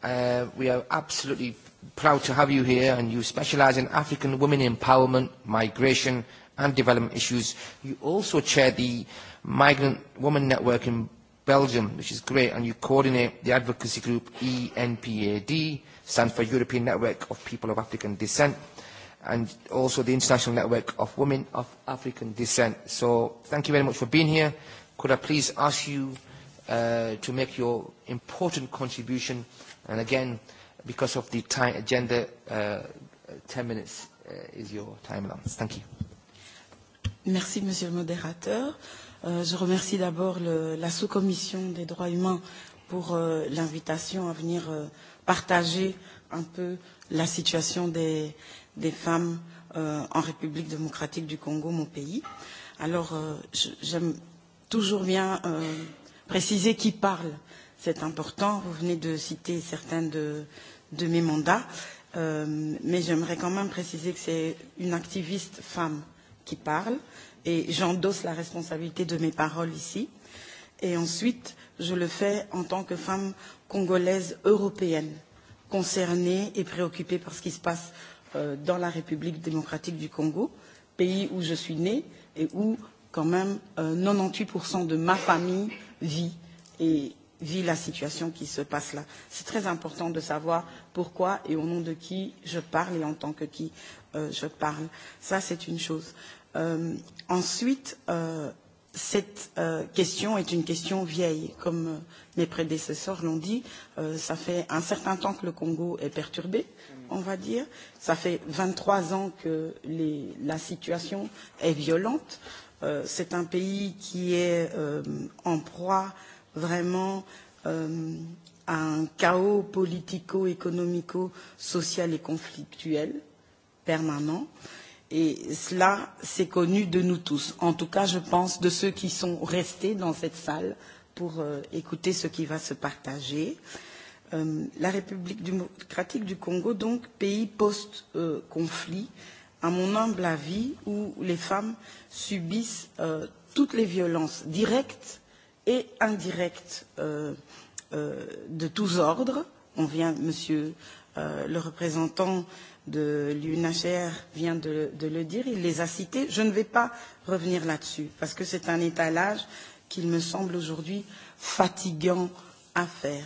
uh, we are absolutely proud to have you here and you specialise in African women empowerment, migration and development issues. You also chair the Migrant Women Network in Belgium, which is great, and you coordinate the advocacy group ENPAD, stands for European Network of People of African Descent, and also the International Network of Women of African Descent. So thank you very much for being here. Could I please ask you to make your important contribution, and again, because of the time agenda, 10 minutes is your time allowance. Thank you. Merci, Monsieur le Modérateur. Je remercie d'abord la sous-commission des droits humains pour l'invitation à venir partager un peu la situation des des femmes en République démocratique du Congo, mon pays. Alors, j'aime toujours bien préciser qui parle. C'est important. Vous venez de citer certains de, de mes mandats. mais j'aimerais quand même préciser que c'est une activiste femme qui parle. Et j'endosse la responsabilité de mes paroles ici. Et ensuite, je le fais en tant que femme congolaise européenne, concernée et préoccupée par ce qui se passe dans la République démocratique du Congo, pays où je suis née et où quand même 98% de ma famille vit et vit la situation qui se passe là. C'est très important de savoir pourquoi et au nom de qui je parle et en tant que qui je parle. Ça, c'est une chose. Ensuite, cette question est une question vieille. Comme mes prédécesseurs l'ont dit, ça fait un certain temps que le Congo est perturbé, on va dire. Ça fait 23 ans que la situation est violente C'est un pays qui est en proie vraiment à un chaos politico-économico, social et conflictuel permanent. Et cela, c'est connu de nous tous. En tout cas, je pense de ceux qui sont restés dans cette salle pour écouter ce qui va se partager. La République démocratique du Congo, donc, pays post-conflit, à mon humble avis, où les femmes subissent toutes les violences directes et indirectes de tous ordres. monsieur le représentant de l'UNHCR vient de le dire, il les a cités. Je ne vais pas revenir là-dessus, parce que c'est un étalage qu'il me semble aujourd'hui fatigant à faire.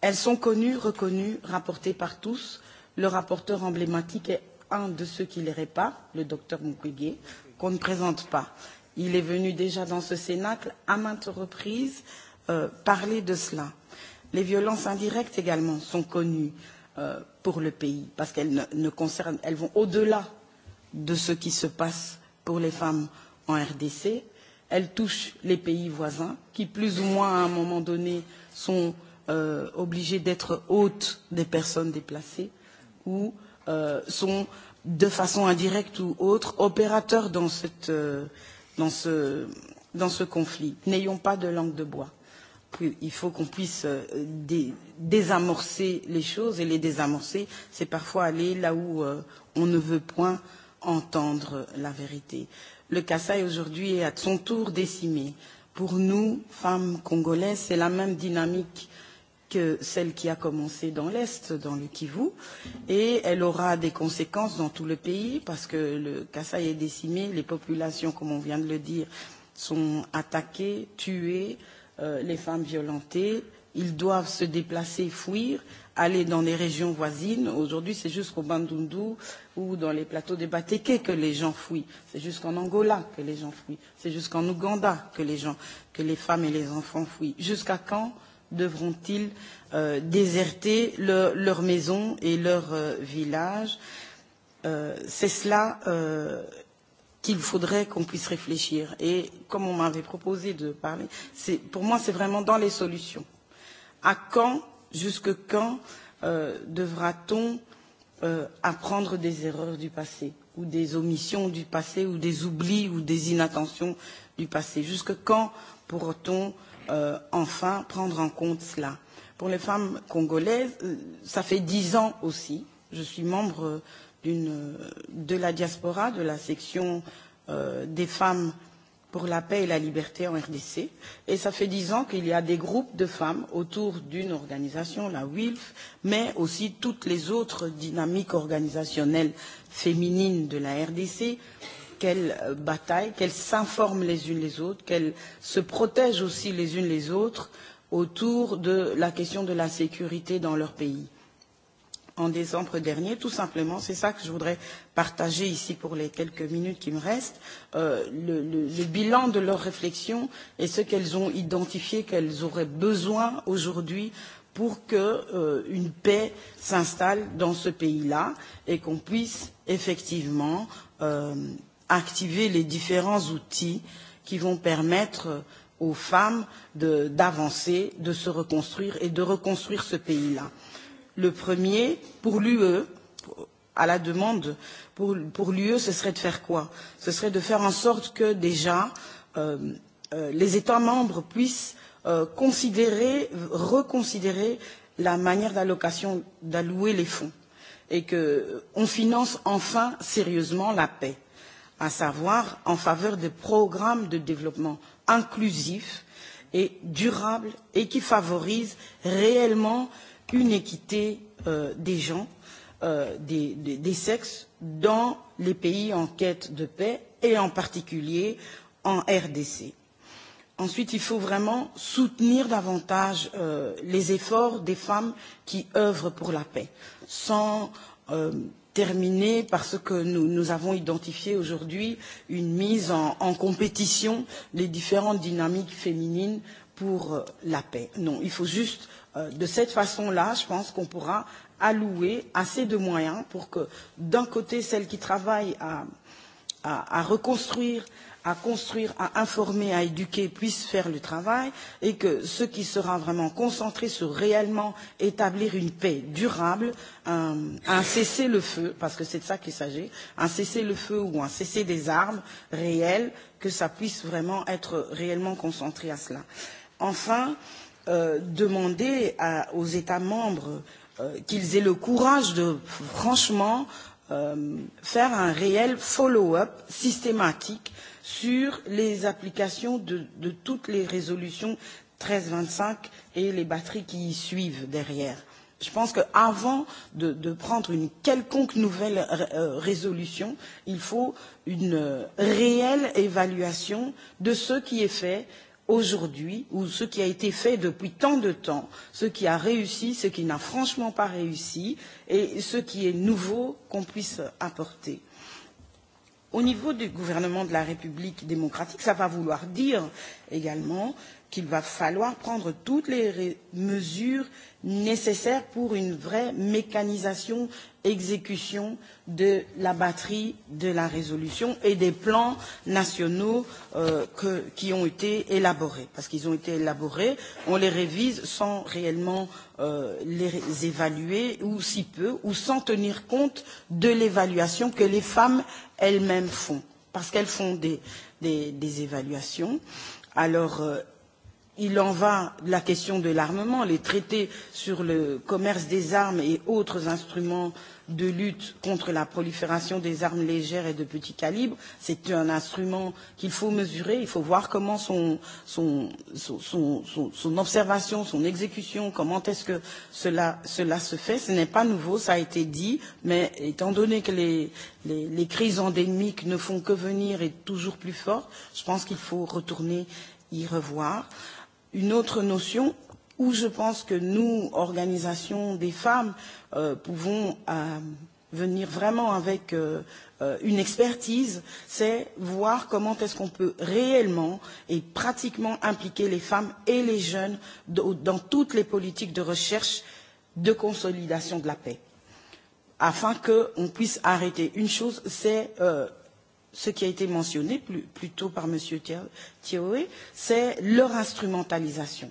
Elles sont connues, reconnues, rapportées par tous. Le rapporteur emblématique est un de ceux qui les pas, le docteur Mukwege, qu'on ne présente pas. Il est venu déjà dans ce Cénacle à maintes reprises parler de cela. Les violences indirectes également sont connues pour le pays parce qu'elles ne concernent, elles vont au-delà de ce qui se passe pour les femmes en RDC. Elles touchent les pays voisins qui, plus ou moins à un moment donné, sont obligés d'être hôtes des personnes déplacées ou sont, de façon indirecte ou autre, opérateurs dans ce conflit. N'ayons pas de langue de bois. Il faut qu'on puisse désamorcer les choses, et les désamorcer, c'est parfois aller là où on ne veut point entendre la vérité. Le Kassai, aujourd'hui, est à son tour décimé. Pour nous, femmes congolaises, c'est la même dynamique que celle qui a commencé dans l'Est, dans le Kivu, et elle aura des conséquences dans tout le pays parce que le Kassai est décimé, les populations, comme on vient de le dire, sont attaquées, tuées, les femmes violentées, ils doivent se déplacer, fuir, aller dans les régions voisines. Aujourd'hui, c'est jusqu'au Bandundu ou dans les plateaux de Bateke que les gens fuient. C'est jusqu'en Angola que les gens fuient. C'est jusqu'en Ouganda que les, gens, que les femmes et les enfants fuient. Jusqu'à quand devront-ils déserter leurs maison et leur village C'est cela qu'il faudrait qu'on puisse réfléchir. Et comme on m'avait proposé de parler, pour moi, c'est vraiment dans les solutions. À quand, jusque quand, devra-t-on apprendre des erreurs du passé ou des omissions du passé ou des oublis ou des inattentions du passé Jusque quand pourra-t-on enfin prendre en compte cela. Pour les femmes congolaises, ça fait dix ans aussi. Je suis membre de la diaspora, de la section des femmes pour la paix et la liberté en RDC. Et ça fait dix ans qu'il y a des groupes de femmes autour d'une organisation, la WILF, mais aussi toutes les autres dynamiques organisationnelles féminines de la RDC qu'elles bataillent, qu'elles s'informent les unes les autres, qu'elles se protègent aussi les unes les autres autour de la question de la sécurité dans leur pays. En décembre dernier, tout simplement, c'est ça que je voudrais partager ici pour les quelques minutes qui me restent, le bilan de leurs réflexions et ce qu'elles ont identifié qu'elles auraient besoin aujourd'hui pour qu'une paix s'installe dans ce pays-là et qu'on puisse effectivement activer les différents outils qui vont permettre aux femmes d'avancer, de se reconstruire et de reconstruire ce pays-là. Le premier, pour l'UE, à la demande, pour l'UE, ce serait de faire quoi Ce serait de faire en sorte que déjà les États membres puissent considérer, reconsidérer la manière d'allocation, d'allouer les fonds et qu'on finance enfin sérieusement la paix à savoir en faveur de programmes de développement inclusifs et durables et qui favorisent réellement une équité des gens, des sexes dans les pays en quête de paix et en particulier en RDC. Ensuite, il faut vraiment soutenir davantage les efforts des femmes qui œuvrent pour la paix, sans terminer parce que nous avons identifié aujourd'hui une mise en compétition des différentes dynamiques féminines pour la paix. Non, il faut juste, de cette façon-là, je pense qu'on pourra allouer assez de moyens pour que, d'un côté, celles qui travaillent à reconstruire à construire, à informer, à éduquer puisse faire le travail et que ce qui sera vraiment concentré sur réellement établir une paix durable, un cesser le feu parce que c'est de ça qu'il s'agit, un cesser le feu ou un cesser des armes réelles, que ça puisse vraiment être réellement concentré à cela. Enfin, demander aux États membres qu'ils aient le courage de, franchement, faire un réel follow-up systématique sur les applications de toutes les résolutions 1325 et les batteries qui y suivent derrière. Je pense qu'avant de prendre une quelconque nouvelle résolution, il faut une réelle évaluation de ce qui est fait aujourd'hui ou ce qui a été fait depuis tant de temps, ce qui a réussi, ce qui n'a franchement pas réussi et ce qui est nouveau qu'on puisse apporter. Au niveau du gouvernement de la République démocratique, ça va vouloir dire également qu'il va falloir prendre toutes les mesures nécessaire pour une vraie mécanisation exécution de la batterie de la résolution et des plans nationaux qui ont été élaborés. Parce qu'ils ont été élaborés, on les révise sans réellement les évaluer, ou si peu, ou sans tenir compte de l'évaluation que les femmes elles-mêmes font. Parce qu'elles font des évaluations. Alors, il en va de la question de l'armement les traités sur le commerce des armes et autres instruments de lutte contre la prolifération des armes légères et de petit calibre c'est un instrument qu'il faut mesurer il faut voir comment son son son son observation son exécution comment est-ce que cela cela se fait ce n'est pas nouveau ça a été dit mais étant donné que les les les crises endémiques ne font que venir et toujours plus fortes je pense qu'il faut retourner y revoir une autre notion où je pense que nous, organisations des femmes, pouvons venir vraiment avec une expertise, c'est voir comment est-ce qu'on peut réellement et pratiquement impliquer les femmes et les jeunes dans toutes les politiques de recherche de consolidation de la paix afin qu'on puisse arrêter une chose, c'est ce qui a été mentionné plus tôt par M. Thioé, c'est leur instrumentalisation.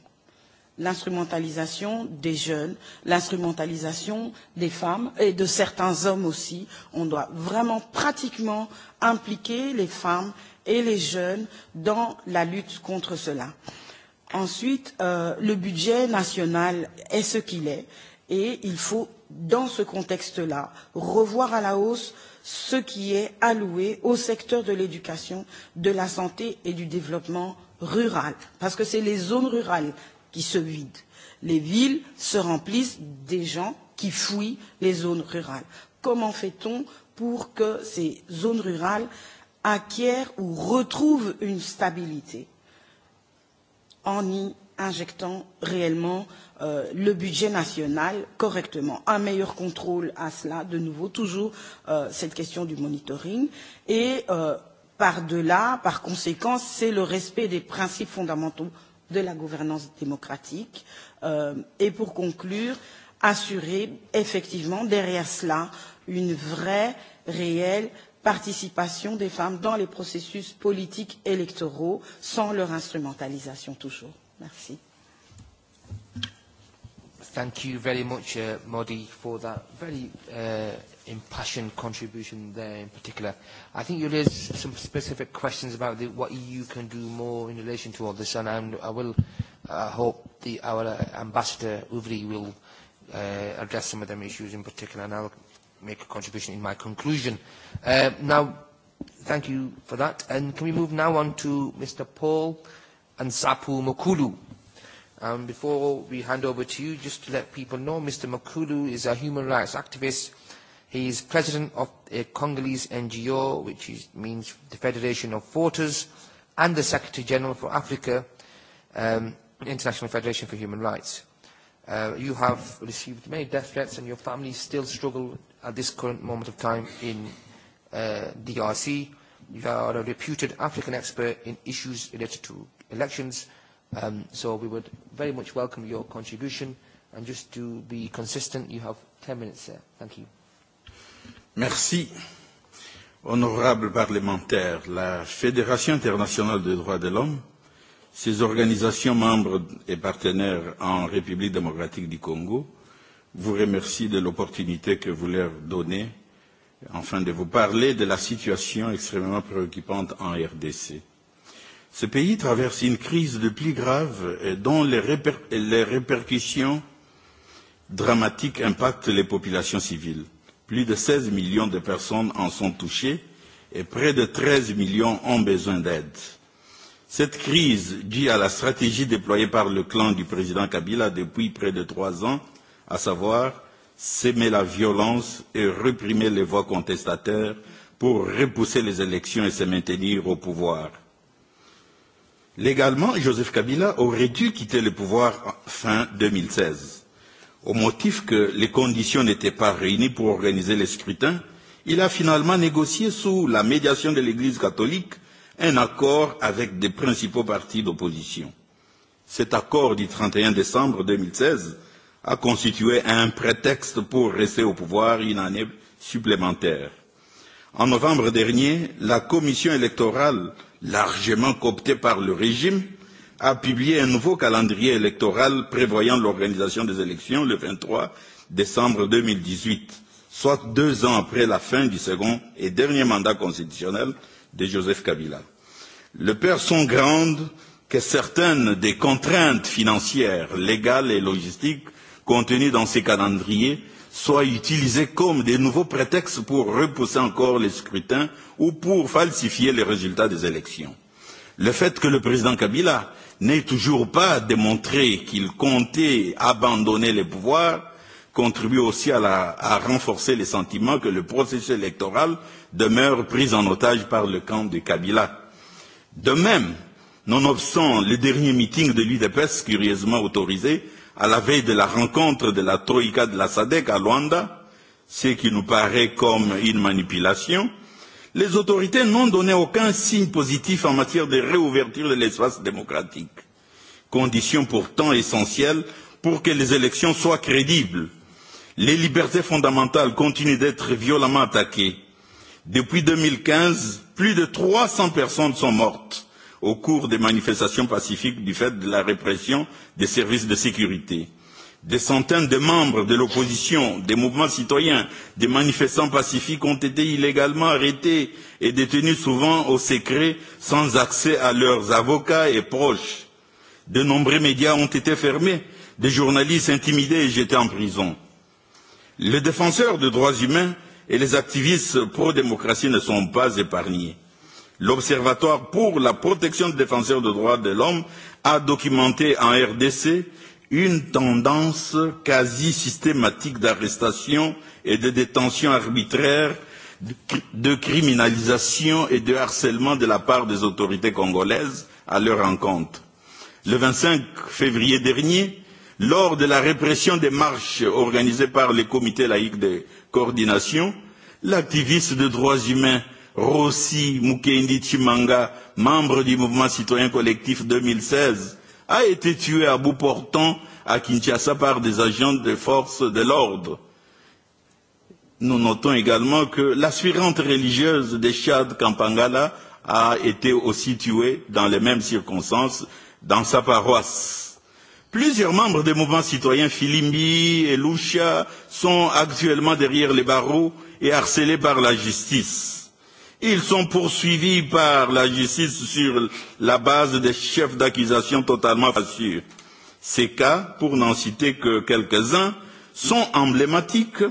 L'instrumentalisation des jeunes, l'instrumentalisation des femmes et de certains hommes aussi. On doit vraiment pratiquement impliquer les femmes et les jeunes dans la lutte contre cela. Ensuite, le budget national est ce qu'il est et il faut, dans ce contexte-là, revoir à la hausse ce qui est alloué au secteur de l'éducation, de la santé et du développement rural, parce que c'est les zones rurales qui se vident. Les villes se remplissent des gens qui fouillent les zones rurales. Comment fait-on pour que ces zones rurales acquièrent ou retrouvent une stabilité en y injectant réellement le budget national correctement. Un meilleur contrôle à cela, de nouveau, toujours cette question du monitoring. Et par-delà, par conséquent, c'est le respect des principes fondamentaux de la gouvernance démocratique. Et pour conclure, assurer effectivement derrière cela une vraie, réelle participation des femmes dans les processus politiques électoraux sans leur instrumentalisation toujours. Merci. Thank you very much, Modi, for that very impassioned contribution there in particular. I think you raised some specific questions about what EU can do more in relation to all this, and I will hope the our Ambassador, Uvri, will address some of them issues in particular, and I'll make a contribution in my conclusion. Now, thank you for that. And can we move now on to Mr. Paul Ansapu Mokulu Before we hand over to you, just to let people know, Mr. Makulu is a human rights activist. He is president of a Congolese NGO, which means the Federation of Forters, and the Secretary General for Africa, International Federation for Human Rights. You have received many death threats, and your family still struggle at this current moment of time in DRC. You are a reputed African expert in issues related to elections So we would very much welcome your contribution. And just to be consistent, you have 10 minutes, sir. Thank you. Merci. Honorable parlementaire, la Fédération internationale des droits de l'homme, ses organisations membres et partenaires en République démocratique du Congo, vous remercie de l'opportunité que vous leur donnez, enfin de vous parler de la situation extrêmement préoccupante en RDC. Ce pays traverse une crise de plus grave dont les répercussions dramatiques impactent les populations civiles. Plus de 16 millions de personnes en sont touchées et près de 13 millions ont besoin d'aide. Cette crise, due à la stratégie déployée par le clan du président Kabila depuis près de trois ans, à savoir s'aimer la violence et réprimer les voix contestataires pour repousser les élections et se maintenir au pouvoir. Légalement, Joseph Kabila aurait dû quitter le pouvoir fin 2016. Au motif que les conditions n'étaient pas réunies pour organiser les scrutins, il a finalement négocié sous la médiation de l'Église catholique un accord avec des principaux partis d'opposition. Cet accord du 31 décembre 2016 a constitué un prétexte pour rester au pouvoir une année supplémentaire. En novembre dernier, la Commission électorale largement coopté par le régime, a publié un nouveau calendrier électoral prévoyant l'organisation des élections le vingt trois décembre deux mille dix huit, soit deux ans après la fin du second et dernier mandat constitutionnel de Joseph Kabila. Le peurs sont grandes que certaines des contraintes financières, légales et logistiques contenues dans ces calendriers soient utilisés comme de nouveaux prétextes pour repousser encore les scrutins ou pour falsifier les résultats des élections. Le fait que le président Kabila n'ait toujours pas démontré qu'il comptait abandonner les pouvoirs contribue aussi à renforcer les sentiment que le processus électoral demeure pris en otage par le camp de Kabila. De même, nonobstant le dernier meeting de l'UDPS curieusement autorisé, à la veille de la rencontre de la Troïka de la SADEC à Luanda, ce qui nous paraît comme une manipulation, les autorités n'ont donné aucun signe positif en matière de réouverture de l'espace démocratique, condition pourtant essentielle pour que les élections soient crédibles. Les libertés fondamentales continuent d'être violemment attaquées. Depuis 2015, plus de 300 personnes sont mortes au cours des manifestations pacifiques du fait de la répression des services de sécurité. Des centaines de membres de l'opposition, des mouvements citoyens, des manifestants pacifiques ont été illégalement arrêtés et détenus souvent au secret sans accès à leurs avocats et proches. De nombreux médias ont été fermés, des journalistes intimidés et jetés en prison. Les défenseurs des droits humains et les activistes pro-démocratie ne sont pas épargnés. L'Observatoire pour la protection des défenseurs des droits de l'homme a documenté en RDC une tendance quasi systématique d'arrestation et de détention arbitraire, de criminalisation et de harcèlement de la part des autorités congolaises à leur encontre. Le 25 février dernier, lors de la répression des marches organisées par le Comité laïque de coordination, l'activiste des droits humains Rossi Mukendi Chimanga, membre du mouvement citoyen collectif 2016, a été tué à bout portant à Kinshasa par des agents des forces de l'ordre. Nous notons également que l'aspirante religieuse de Chad Kampangala a été aussi tuée dans les mêmes circonstances dans sa paroisse. Plusieurs membres des mouvements citoyens Filimbi et Lucha sont actuellement derrière les barreaux et harcelés par la justice. Ils sont poursuivis par la justice sur la base des chefs d'accusation totalement fallacieux. Ces cas, pour n'en citer que quelques-uns, sont emblématiques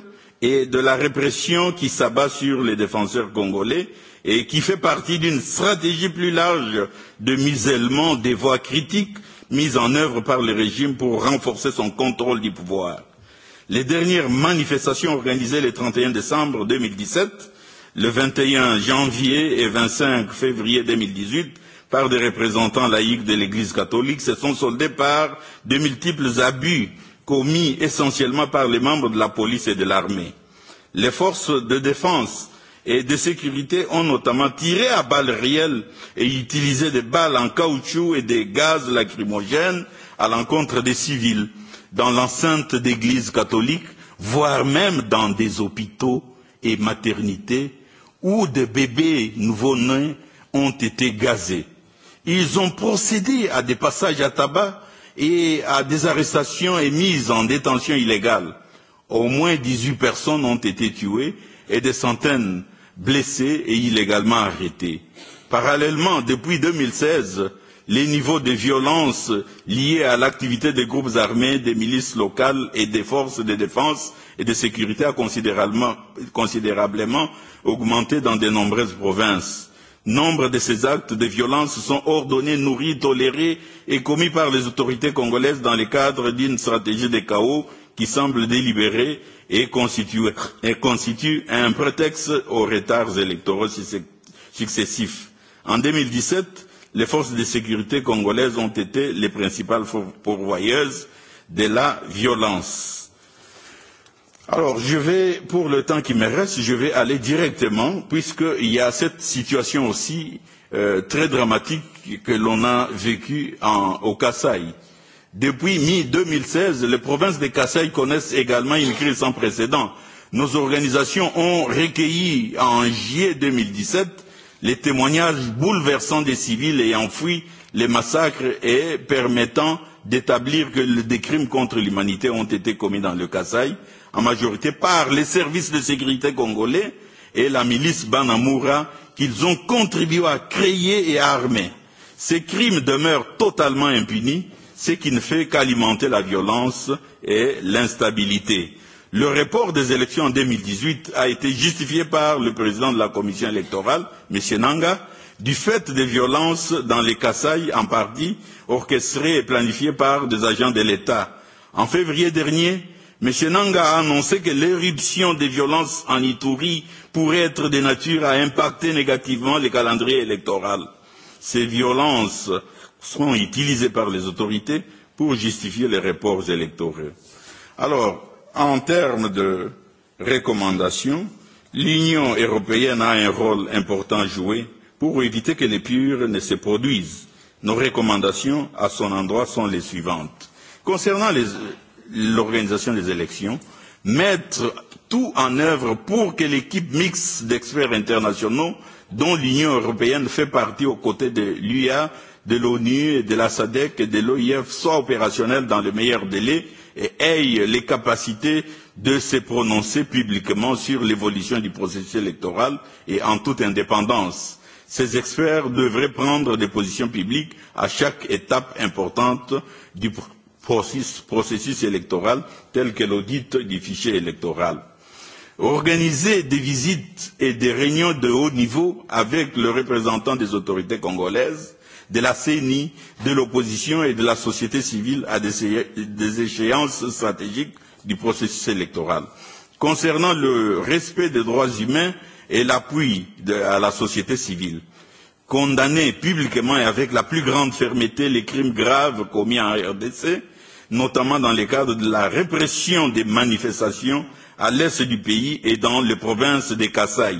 et de la répression qui s'abat sur les défenseurs congolais et qui fait partie d'une stratégie plus large de musellement des voix critiques mises en œuvre par le régime pour renforcer son contrôle du pouvoir. Les dernières manifestations organisées le 31 décembre 2017 le 21 janvier et 25 février 2018 par des représentants laïcs de l'Église catholique se sont soldés par de multiples abus commis essentiellement par les membres de la police et de l'armée. Les forces de défense et de sécurité ont notamment tiré à balles réelles et utilisé des balles en caoutchouc et des gaz lacrymogènes à l'encontre des civils dans l'enceinte d'églises catholiques, voire même dans des hôpitaux et maternités où des bébés nouveau-nés ont été gazés. Ils ont procédé à des passages à tabac et à des arrestations et mises en détention illégale. Au moins 18 personnes ont été tuées et des centaines blessées et illégalement arrêtées. Parallèlement, depuis 2016, les niveaux de violence liés à l'activité des groupes armés, des milices locales et des forces de défense et de sécurité a considérablement augmenté dans de nombreuses provinces. Nombre de ces actes de violence sont ordonnés, nourris, tolérés et commis par les autorités congolaises dans le cadre d'une stratégie de chaos qui semble délibérée et constitue un prétexte aux retards électoraux successifs. En 2017, les forces de sécurité congolaises ont été les principales pourvoyeuses de la violence. Alors, je vais, pour le temps qui me reste, je vais aller directement, puisqu'il y a cette situation aussi très dramatique que l'on a vécue au Kassai. Depuis mi-2016, les provinces de Kassai connaissent également une crise sans précédent. Nos organisations ont recueilli en juillet 2017 les témoignages bouleversants des civils ayant fui les massacres et permettant d'établir que des crimes contre l'humanité ont été commis dans le Kassai en majorité par les services de sécurité congolais et la milice Banamura qu'ils ont contribué à créer et à armer. Ces crimes demeurent totalement impunis, ce qui ne fait qu'alimenter la violence et l'instabilité. Le report des élections en 2018 a été justifié par le président de la commission électorale, M. Nanga, du fait des violences dans les Kassai, en partie orchestrées et planifiées par des agents de l'État. En février dernier, M. Nanga a annoncé que l'éruption des violences en Ituri pourrait être de nature à impacter négativement le calendrier électoral. Ces violences seront utilisées par les autorités pour justifier les reports électoraux. Alors, en termes de recommandations, l'Union européenne a un rôle important à jouer pour éviter que les pires ne se produisent. Nos recommandations à son endroit sont les suivantes. Concernant les l'organisation des élections, mettre tout en œuvre pour que l'équipe mixte d'experts internationaux dont l'Union européenne fait partie aux côtés de l'U.A. de l'ONU, de la SADC et de l'OIF soit opérationnelle dans les meilleurs délais et aille les capacités de se prononcer publiquement sur l'évolution du processus électoral et en toute indépendance. Ces experts devraient prendre des positions publiques à chaque étape importante du processus électoral tel que l'audit du fichier électoral. Organiser des visites et des réunions de haut niveau avec le représentant des autorités congolaises, de la CENI, de l'opposition et de la société civile à des échéances stratégiques du processus électoral. Concernant le respect des droits humains et l'appui à la société civile, condamner publiquement et avec la plus grande fermeté les crimes graves commis en RDC, notamment dans le cadre de la répression des manifestations à l'est du pays et dans les provinces de Kassai.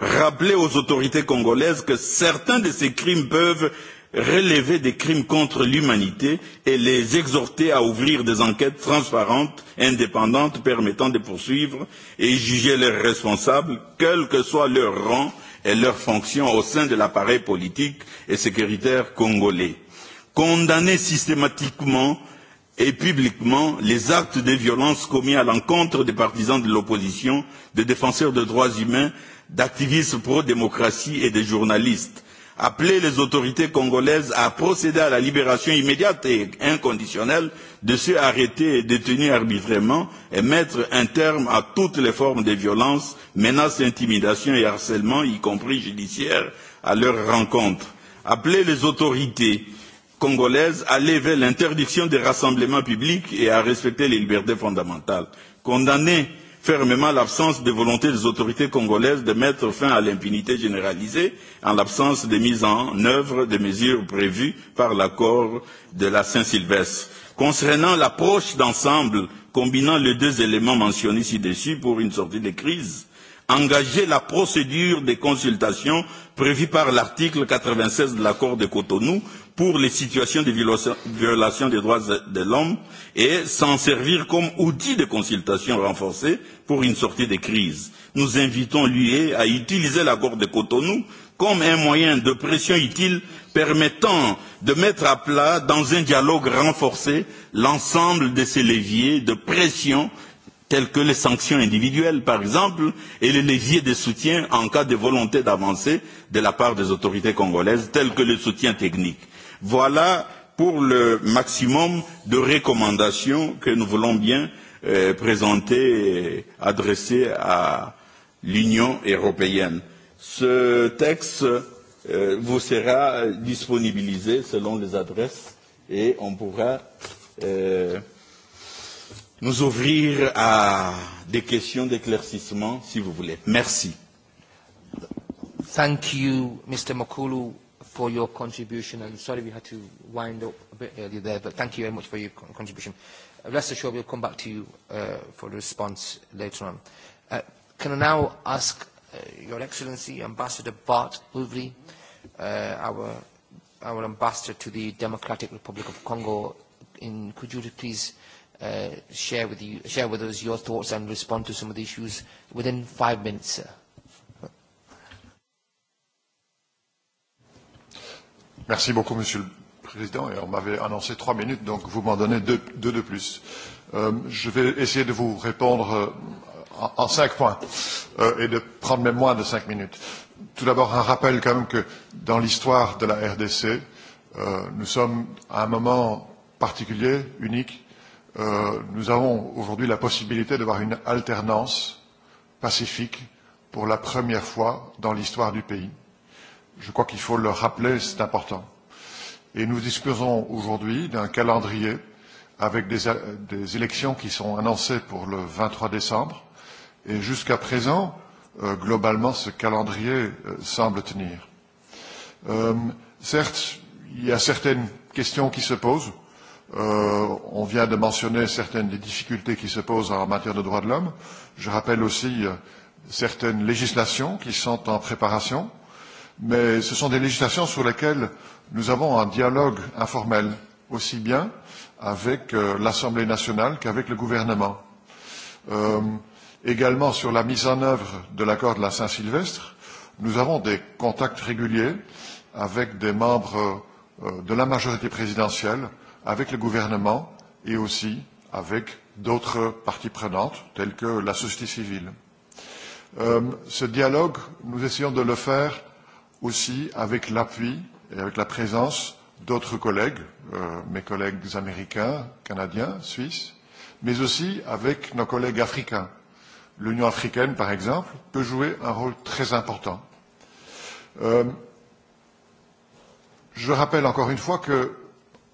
rappeler aux autorités congolaises que certains de ces crimes peuvent relever des crimes contre l'humanité et les exhorter à ouvrir des enquêtes transparentes, indépendantes, permettant de poursuivre et juger leurs responsables, quel que soit leur rang et leur fonction au sein de l'appareil politique et sécuritaire congolais. Condamner systématiquement et publiquement les actes de violence commis à l'encontre des partisans de l'opposition, des défenseurs des droits humains, d'activistes pro-démocratie et des journalistes. Appeler les autorités congolaises à procéder à la libération immédiate et inconditionnelle de ceux arrêtés et détenus arbitrairement et mettre un terme à toutes les formes de violence, menaces, intimidations et harcèlement, y compris judiciaires, à leur rencontre. Appeler les autorités congolaise à lever l'interdiction des rassemblements publics et à respecter les libertés fondamentales, condamner fermement l'absence de volonté des autorités congolaises de mettre fin à l'impunité généralisée en l'absence de mise en œuvre des mesures prévues par l'accord de la Saint-Sylvestre. Concernant l'approche d'ensemble combinant les deux éléments mentionnés ci-dessus pour une sortie de crise, engager la procédure de consultation prévue par l'article 96 de l'accord de Cotonou pour les situations de violation des droits de l'homme et s'en servir comme outil de consultation renforcée pour une sortie de crise. Nous invitons l'UE à utiliser l'accord de Cotonou comme un moyen de pression utile permettant de mettre à plat, dans un dialogue renforcé, l'ensemble de ces leviers de pression tels que les sanctions individuelles, par exemple, et les leviers de soutien en cas de volonté d'avancer de la part des autorités congolaises, tels que le soutien technique. Voilà pour le maximum de recommandations que nous voulons bien présenter et adresser à l'Union européenne. Ce texte vous sera disponibilisé selon les adresses et on pourra nous ouvrir à des questions d'éclaircissement si vous voulez. Merci for your contribution. And sorry we had to wind up a bit earlier there, but thank you very much for your contribution. Rest assured we'll come back to you for the response later on. Can I now ask Your Excellency Ambassador Bart uh, our our ambassador to the Democratic Republic of Congo, in could you please share with you share with us your thoughts and respond to some of the issues within five minutes, sir? Merci beaucoup, Monsieur le Président. on m'avait annoncé trois minutes, donc vous m'en donnez deux, de plus. je vais essayer de vous répondre en, en cinq points et de prendre même moins de cinq minutes. Tout d'abord, un rappel quand même que dans l'histoire de la RDC, nous sommes à un moment particulier, unique. nous avons aujourd'hui la possibilité d'avoir une alternance pacifique pour la première fois dans l'histoire du pays. Je crois qu'il faut le rappeler, c'est important. Et nous disposons aujourd'hui d'un calendrier avec des élections qui sont annoncées pour le 23 décembre. Et jusqu'à présent, globalement, ce calendrier semble tenir. Certes, il y a certaines questions qui se posent. On vient de mentionner certaines des difficultés qui se posent en matière de droits de l'homme. Je rappelle aussi certaines législations qui sont en préparation mais ce sont des législations sur lesquelles nous avons un dialogue informel, aussi bien avec l'Assemblée nationale qu'avec le gouvernement. Également sur la mise en œuvre de l'accord de la Saint-Sylvestre, nous avons des contacts réguliers avec des membres de la majorité présidentielle, avec le gouvernement et aussi avec d'autres parties prenantes, telles que la société civile. Ce dialogue, nous essayons de le faire aussi avec l'appui et avec la présence d'autres collègues, mes collègues américains, canadiens, suisses, mais aussi avec nos collègues africains. L'Union africaine, par exemple, peut jouer un rôle très important. Je rappelle encore une fois que,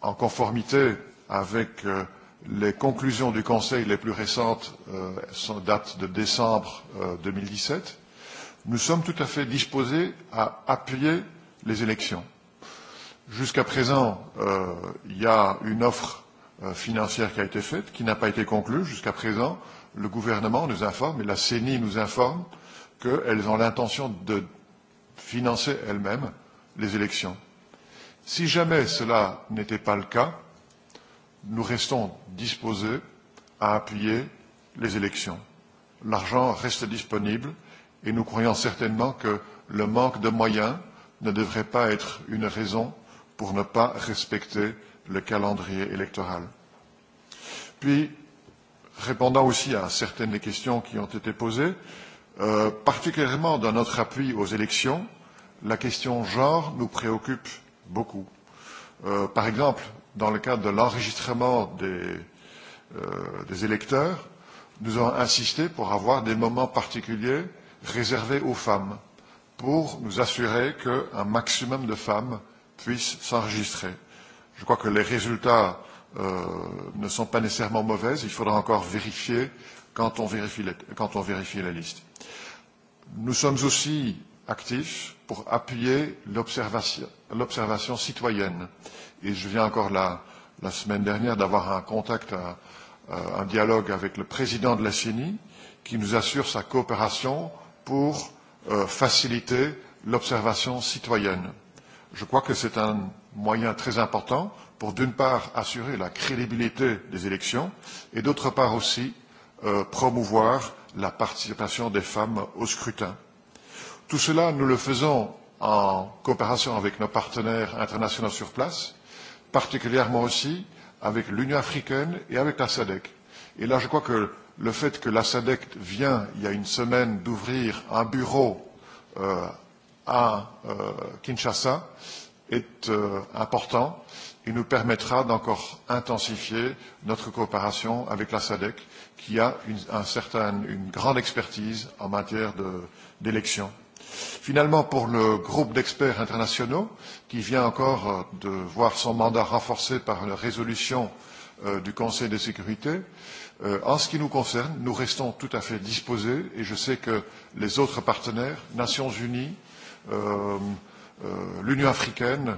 en conformité avec les conclusions du Conseil les plus récentes sont datent de décembre 2017, nous sommes tout à fait disposés à appuyer les élections. Jusqu'à présent, il y a une offre financière qui a été faite, qui n'a pas été conclue. Jusqu'à présent, le gouvernement nous informe et la CENI nous informe qu'elles ont l'intention de financer elles-mêmes les élections. Si jamais cela n'était pas le cas, nous restons disposés à appuyer les élections. L'argent reste disponible et nous croyons certainement que le manque de moyens ne devrait pas être une raison pour ne pas respecter le calendrier électoral. Puis, répondant aussi à certaines des questions qui ont été posées, particulièrement dans notre appui aux élections, la question genre nous préoccupe beaucoup. Par exemple, dans le cadre de l'enregistrement des électeurs, nous avons insisté pour avoir des moments particuliers réservée aux femmes pour nous assurer qu'un maximum de femmes puissent s'enregistrer. Je crois que les résultats ne sont pas nécessairement mauvais, Il faudra encore vérifier quand on vérifie la liste. Nous sommes aussi actifs pour appuyer l'observation citoyenne. Et je viens encore la semaine dernière d'avoir un contact, un dialogue avec le président de la CENI qui nous assure sa coopération pour faciliter l'observation citoyenne. Je crois que c'est un moyen très important pour, d'une part, assurer la crédibilité des élections et, d'autre part aussi, promouvoir la participation des femmes au scrutin. Tout cela, nous le faisons en coopération avec nos partenaires internationaux sur place, particulièrement aussi avec l'Union africaine et avec la SADEC, Et là, je crois que le fait que la SADEC vient, il y a une semaine, d'ouvrir un bureau à Kinshasa est important et nous permettra d'encore intensifier notre coopération avec la SADEC, qui a une, un une grande expertise en matière d'élection. Finalement, pour le groupe d'experts internationaux, qui vient encore de voir son mandat renforcé par une résolution du Conseil de sécurité. En ce qui nous concerne, nous restons tout à fait disposés et je sais que les autres partenaires, Nations Unies, l'Union africaine,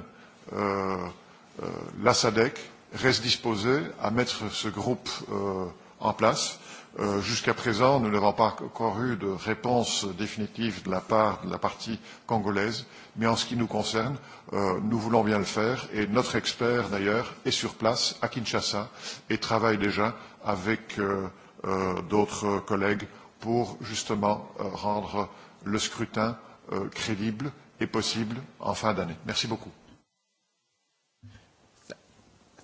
la SADEC, restent disposés à mettre ce groupe en place Jusqu'à présent, nous n'avons pas encore eu de réponse définitive de la part de la partie congolaise, mais en ce qui nous concerne, nous voulons bien le faire et notre expert, d'ailleurs, est sur place à Kinshasa et travaille déjà avec d'autres collègues pour justement rendre le scrutin crédible et possible en fin d'année. Merci beaucoup.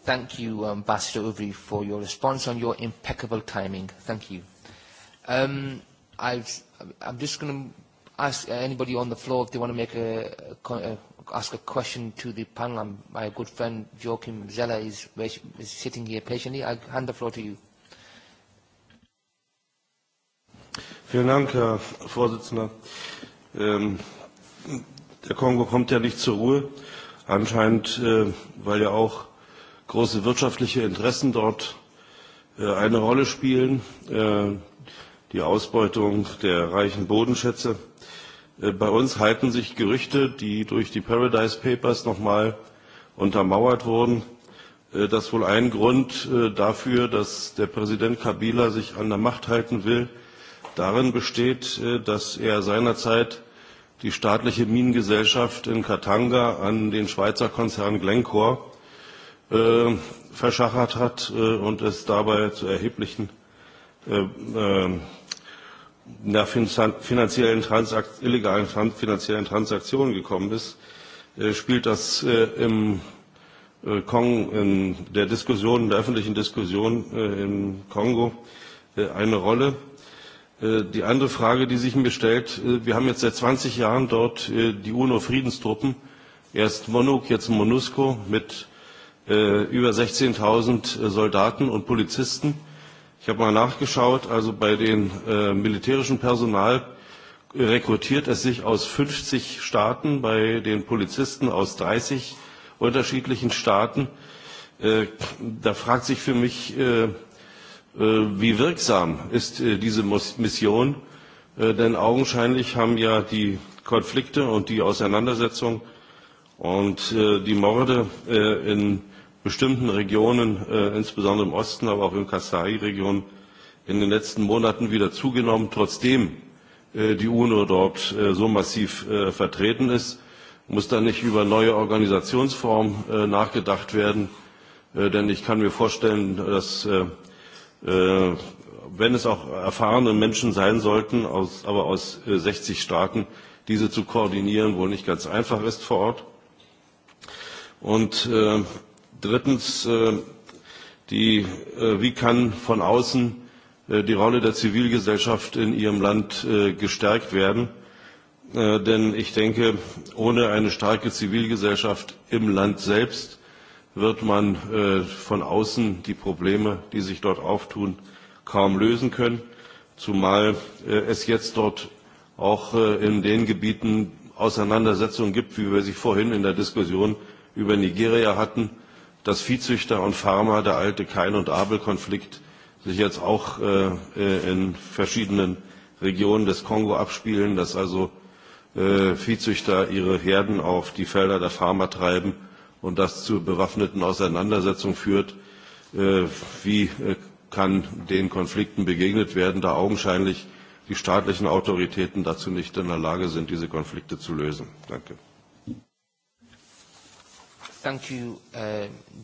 Thank you, Ambassador Uvri, for your response on your impeccable timing. Thank you. Um, I've, I'm just going to ask anybody on the floor if they want to make a, ask a question to the panel. my good friend Joachim Zeller is, is sitting here patiently. I hand the floor to you. Vielen Dank, Herr Vorsitzender. Ähm, der Kongo kommt ja nicht zur Ruhe, anscheinend, äh, weil ja auch große wirtschaftliche Interessen dort eine Rolle spielen, die Ausbeutung der reichen Bodenschätze. Bei uns halten sich Gerüchte, die durch die Paradise Papers noch einmal untermauert wurden, dass wohl ein Grund dafür, dass der Präsident Kabila sich an der Macht halten will, darin besteht, dass er seinerzeit die staatliche Minengesellschaft in Katanga an den Schweizer Konzern Glencore verschachert hat und es dabei zu erheblichen finanziellen illegalen finanziellen Transaktionen gekommen ist, spielt das im Kong in der Diskussion, in der öffentlichen Diskussion im Kongo eine Rolle. Die andere Frage, die sich mir stellt, wir haben jetzt seit 20 Jahren dort die UNO-Friedenstruppen, erst MONUC, jetzt MONUSCO mit über 16.000 Soldaten und Polizisten. Ich habe mal nachgeschaut, also bei dem militärischen Personal rekrutiert es sich aus 50 Staaten, bei den Polizisten aus 30 unterschiedlichen Staaten. Da fragt sich für mich, wie wirksam ist diese Mission, denn augenscheinlich haben ja die Konflikte und die Auseinandersetzungen und die Morde in bestimmten Regionen, insbesondere im Osten, aber auch in Kasai-Region, in den letzten Monaten wieder zugenommen, trotzdem die UNO dort so massiv vertreten ist. Muss da nicht über neue Organisationsformen nachgedacht werden? Denn ich kann mir vorstellen, dass, wenn es auch erfahrene Menschen sein sollten, aber aus 60 Staaten, diese zu koordinieren, wohl nicht ganz einfach ist vor Ort. Drittens, wie kann von außen die Rolle der Zivilgesellschaft in ihrem Land gestärkt werden? Denn ich denke, ohne eine starke Zivilgesellschaft im Land selbst wird man von außen die Probleme, die sich dort auftun, kaum lösen können, zumal es jetzt dort auch in den Gebieten Auseinandersetzungen gibt, wie wir sie vorhin in der Diskussion über Nigeria hatten, dass Viehzüchter und Farmer, der alte Kain- und Abel-Konflikt, sich jetzt auch in verschiedenen Regionen des Kongo abspielen, dass also Viehzüchter ihre Herden auf die Felder der Farmer treiben und das zu bewaffneten Auseinandersetzungen führt. Wie kann den Konflikten begegnet werden, da augenscheinlich die staatlichen Autoritäten dazu nicht in der Lage sind, diese Konflikte zu lösen? Danke. Thank you,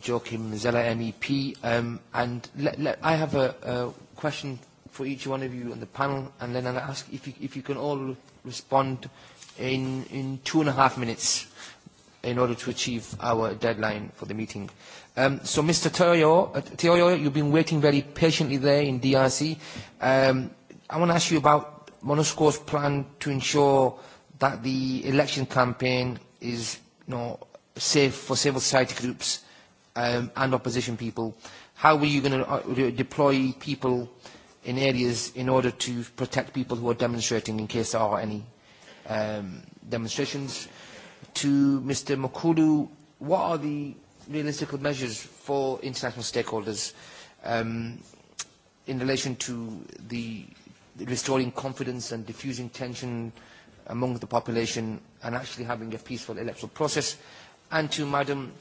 Joachim Zeller, MEP. And I have a question for each one of you on the panel, and then I'll ask if you can all respond in two and a half minutes in order to achieve our deadline for the meeting. So, Mr. Teoyo, you've been waiting very patiently there in DRC. I want to ask you about MONUSCO's plan to ensure that the election campaign is not safe for civil society groups and opposition people? How are you going to deploy people in areas in order to protect people who are demonstrating in case there are any demonstrations? To Mr. Makulu, what are the realistic measures for international stakeholders in relation to the restoring confidence and diffusing tension among the population and actually having a peaceful electoral process and to Madam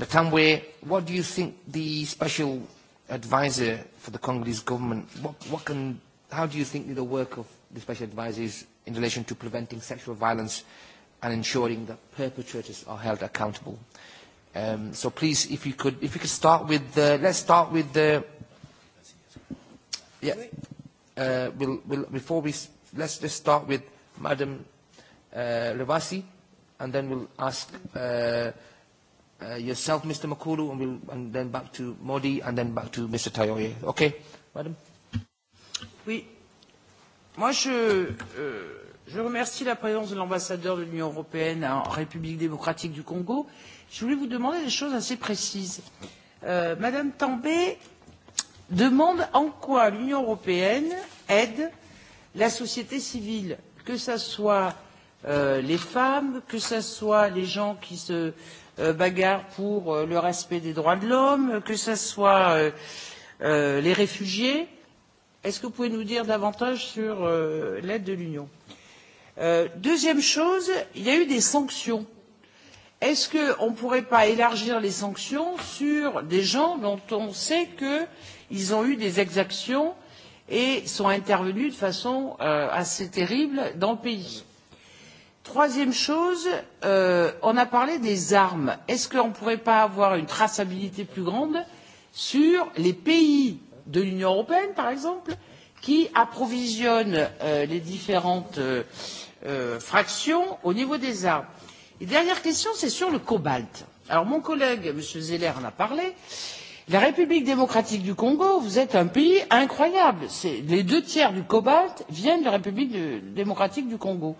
Latamwe, what do you think the special advisor for the Congolese government, what, what can, how do you think the work of the special advisor is in relation to preventing sexual violence and ensuring that perpetrators are held accountable? Um, so please, if you could, if you could start with, the, let's start with the, yeah, uh, we'll, before we, let's just start with Madam uh, Levasi and then we'll ask yourself, Mr. Makulu, and we'll and then back to Modi, and then back to Mr. Tayoye. Okay, Madam? Oui. Moi, je remercie la présence de l'ambassadeur de l'Union européenne en République démocratique du Congo. Je voulais vous demander des choses assez précises. Madame També demande en quoi l'Union européenne aide la société civile, que ce soit les femmes, que ce soit les gens qui se bagarrent pour le respect des droits de l'homme, que ce soit les réfugiés. Est-ce que vous pouvez nous dire davantage sur l'aide de l'Union Deuxième chose, il y a eu des sanctions. Est-ce qu'on ne pourrait pas élargir les sanctions sur des gens dont on sait qu'ils ont eu des exactions et sont intervenus de façon assez terrible dans le pays Troisième chose, on a parlé des armes. Est-ce qu'on ne pourrait pas avoir une traçabilité plus grande sur les pays de l'Union européenne, par exemple, qui approvisionnent les différentes fractions au niveau des armes Et dernière question, c'est sur le cobalt. Alors, mon collègue, M. Zeller, en a parlé. La République démocratique du Congo, vous êtes un pays incroyable. Les deux tiers du cobalt viennent de la République démocratique du Congo.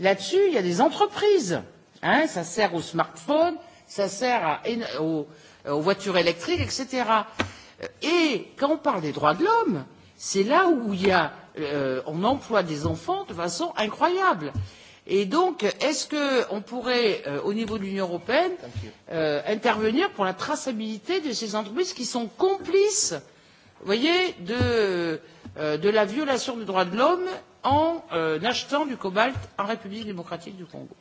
Là-dessus, il y a des entreprises. Hein, ça sert aux smartphones, ça sert aux, voitures électriques, etc. Et quand on parle des droits de l'homme, c'est là où il y a, on emploie des enfants de façon incroyable. Et donc, est-ce qu'on pourrait, au niveau de l'Union européenne, intervenir pour la traçabilité de ces entreprises qui sont complices, vous voyez, de, de la violation des droits de l'homme en achetant du cobalt en République démocratique du Congo.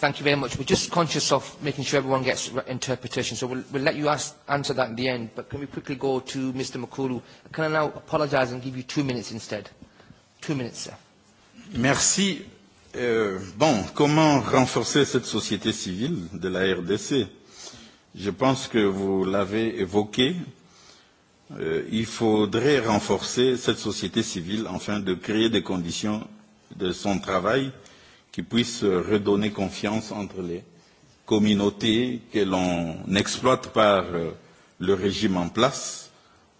Thank you very much. We're just conscious of making sure everyone gets interpretation, so we'll, we'll let you ask, answer that at the end. But can we quickly go to Mr. Makulu? Can I now apologize and give you two minutes instead? Two minutes, sir. Merci. Euh, bon, comment renforcer cette société civile de la RDC Je pense que vous l'avez évoqué il faudrait renforcer cette société civile afin de créer des conditions de son travail qui puissent redonner confiance entre les communautés que l'on exploite par le régime en place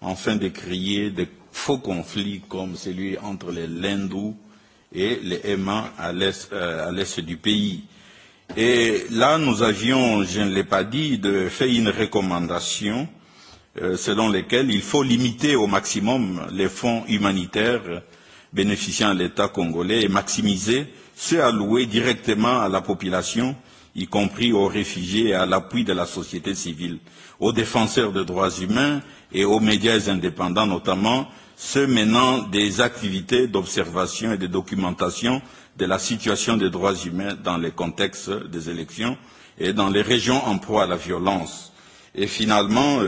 afin de créer des faux conflits comme celui entre les Lindous et les Aimants à l'est du pays. Et là, nous avions, je ne l'ai pas dit, de fait une recommandation selon lesquels il faut limiter au maximum les fonds humanitaires bénéficiant à l'État congolais et maximiser ceux alloués directement à la population, y compris aux réfugiés et à l'appui de la société civile, aux défenseurs des droits humains et aux médias indépendants, notamment ceux menant des activités d'observation et de documentation de la situation des droits humains dans les contextes des élections et dans les régions en proie à la violence. Et finalement,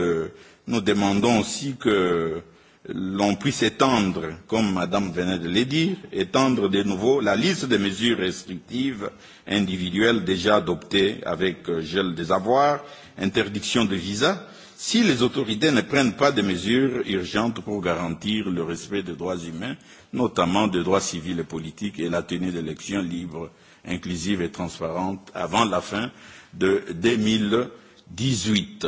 Nous demandons aussi que l'on puisse étendre, comme Madame venait de le dire, étendre de nouveau la liste des mesures restrictives individuelles déjà adoptées avec gel des avoirs, interdiction de visa, si les autorités ne prennent pas de mesures urgentes pour garantir le respect des droits humains, notamment des droits civils et politiques, et la tenue d'élections libres, inclusives et transparentes avant la fin de deux mille dix huit.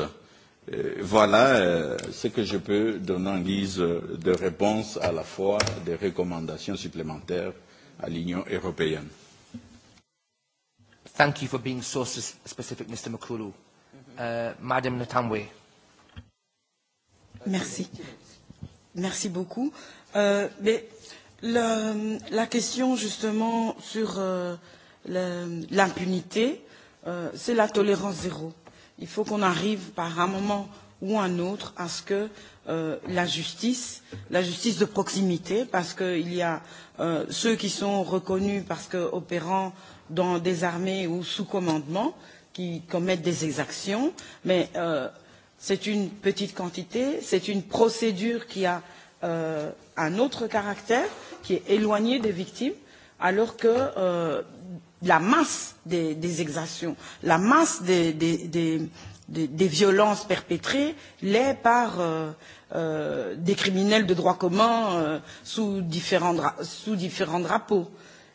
Voilà ce que je peux donner en guise de réponse à la fois des recommandations supplémentaires à l'Union européenne. Thank you for Madame Merci. Merci beaucoup. Mais la question justement sur l'impunité, c'est la tolérance zéro il faut qu'on arrive par un moment ou un autre à ce que la justice, la justice de proximité, parce qu'il y a ceux qui sont reconnus parce qu'opérant dans des armées ou sous commandement, qui commettent des exactions, mais c'est une petite quantité, c'est une procédure qui a un autre caractère, qui est éloignée des victimes, alors que la masse des exactions, la masse des violences perpétrées l'est par des criminels de droit commun sous différents drapeaux.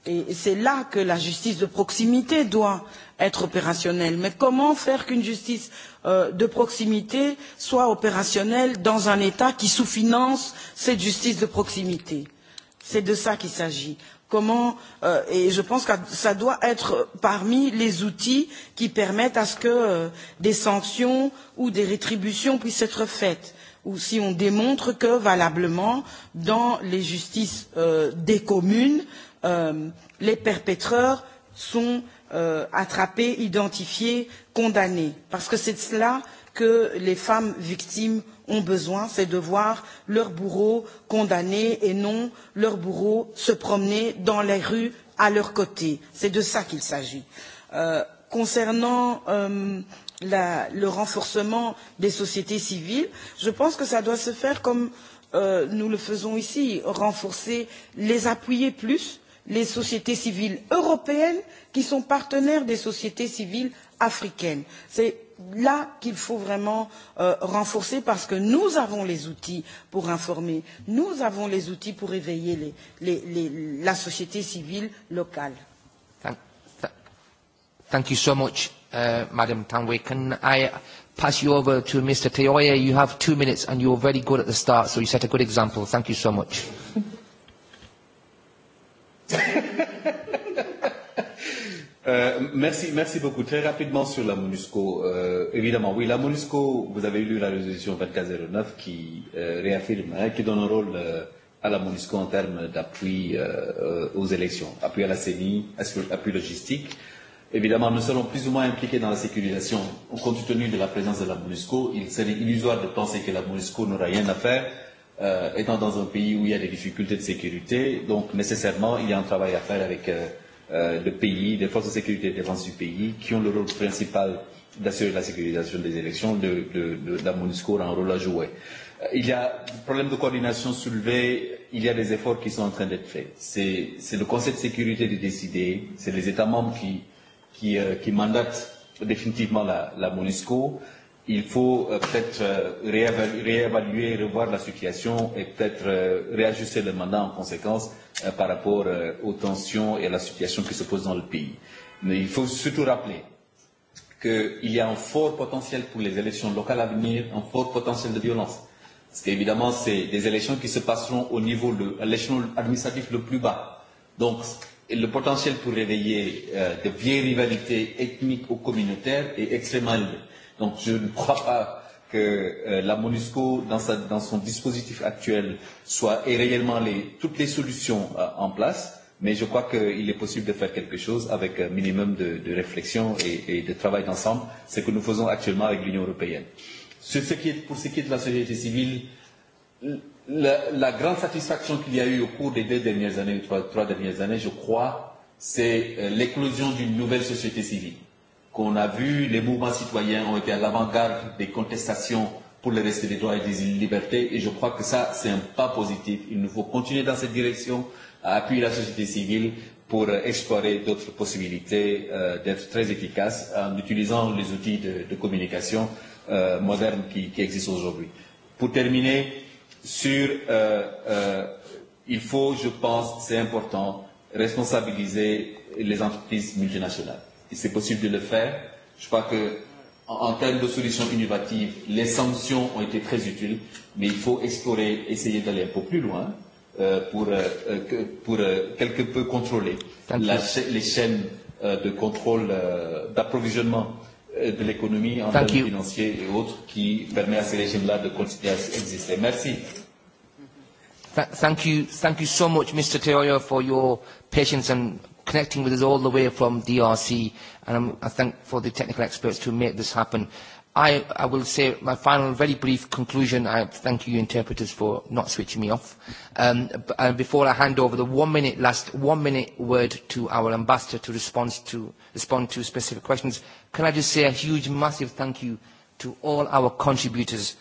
Et c'est là que la justice de proximité doit être opérationnelle. Mais comment faire qu'une justice de proximité soit opérationnelle dans un État qui sous-finance cette justice de proximité C'est de ça qu'il s'agit comment et je pense que ça doit être parmi les outils qui permettent à ce que des sanctions ou des rétributions puissent être faites ou si on démontre que valablement dans les justices des communes les perpétreurs sont attrapés identifiés condamnés parce que c'est cela que les femmes victimes ont besoin, c'est de voir leur bourreau condamné et non leur bourreau se promener dans les rues à leur côté. C'est de ça qu'il s'agit. Concernant le renforcement des sociétés civiles, je pense que ça doit se faire comme nous le faisons ici, renforcer, les appuyer plus, les sociétés civiles européennes qui sont partenaires des sociétés civiles africaine. C'est là qu'il faut vraiment renforcer parce que nous avons les outils pour informer, nous avons les outils pour éveiller les, les, la société civile locale. Thank you so much, Madam Tanwe. Can I pass you over to Mr. Teoye? You have two minutes and you were very good at the start, so you set a good example. Thank you so much. Merci, merci beaucoup. Très rapidement sur la MONUSCO. Évidemment, oui, la MONUSCO, vous avez lu la résolution 2409 qui réaffirme, qui donne un rôle à la MONUSCO en termes d'appui aux élections, appui à la CENI, appui logistique. Évidemment, nous serons plus ou moins impliqués dans la sécurisation. Compte tenu de la présence de la MONUSCO, il serait illusoire de penser que la MONUSCO n'aura rien à faire, étant dans un pays où il y a des difficultés de sécurité. Donc, nécessairement, il y a un travail à faire avec de pays, des forces de sécurité et de défense du pays, qui ont le rôle principal d'assurer la sécurisation des élections, de, de, de, la MONUSCO a un rôle à jouer. Il y a des problèmes de coordination soulevés, il y a des efforts qui sont en train d'être faits. C'est, le Conseil de sécurité de décider, c'est les États membres qui, qui, qui mandatent définitivement la, la MONUSCO il faut peut-être réévaluer, revoir la situation et peut-être réajuster le mandat en conséquence par rapport aux tensions et à la situation qui se pose dans le pays. Mais il faut surtout rappeler qu'il y a un fort potentiel pour les élections locales à venir, un fort potentiel de violence. Parce qu'évidemment, c'est des élections qui se passeront au niveau de l'échelon administratif le plus bas. Donc, le potentiel pour réveiller de vieilles rivalités ethniques ou communautaires est extrêmement élevé. Donc je ne crois pas que la MONUSCO, dans, dans son dispositif actuel, soit ait réellement les, toutes les solutions en place, mais je crois qu'il est possible de faire quelque chose avec un minimum de, de réflexion et, et de travail d'ensemble, ce que nous faisons actuellement avec l'Union européenne. Sur ce qui est, pour ce qui est de la société civile, la, la grande satisfaction qu'il y a eu au cours des deux dernières années, ou trois dernières années, je crois, c'est l'éclosion d'une nouvelle société civile qu'on a vu, les mouvements citoyens ont été à l'avant-garde des contestations pour le respect des droits et des libertés. Et je crois que ça, c'est un pas positif. Il nous faut continuer dans cette direction, à appuyer la société civile pour explorer d'autres possibilités d'être très efficaces en utilisant les outils de communication modernes qui existent aujourd'hui. Pour terminer, sur, il faut, je pense, c'est important, responsabiliser les entreprises multinationales c'est possible de le faire. Je crois que en termes de solutions innovatives, les sanctions ont été très utiles, mais il faut explorer, essayer d'aller un peu plus loin pour, pour quelque peu contrôler les chaînes de contrôle d'approvisionnement de l'économie en termes financiers et autres qui permet à ces régimes-là de continuer à exister. Merci. Thank you, thank you so much, Mr. Teoyo, for your patience and connecting with us all the way from DRC, and I thank for the technical experts to make this happen. I, I will say my final, very brief conclusion. I thank you, interpreters, for not switching me off. Um, and before I hand over the one-minute last one-minute word to our ambassador to respond to respond to specific questions, can I just say a huge, massive thank you to all our contributors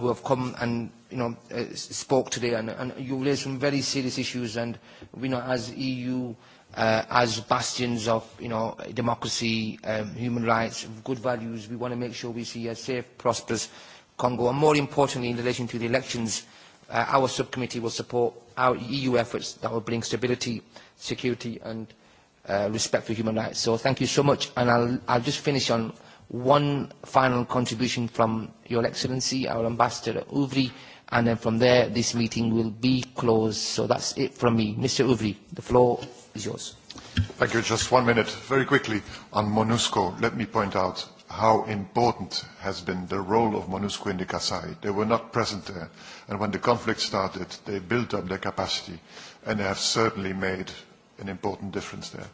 who have come and you know spoke today, and, you raised some very serious issues, and we know as EU as bastions of you know democracy, human rights, good values. We want to make sure we see a safe, prosperous Congo. And more importantly, in relation to the elections, our subcommittee will support our EU efforts that will bring stability, security and respect for human rights. So thank you so much. And I'll, I'll just finish on one final contribution from Your Excellency, our Ambassador Uvri, and then from there this meeting will be closed. So that's it from me. Mr. Uvri. the floor is yours. Thank you. Just one minute. Very quickly, on MONUSCO, let me point out how important has been the role of MONUSCO in the Kasai. They were not present there. And when the conflict started, they built up their capacity, and they have certainly made an important difference there.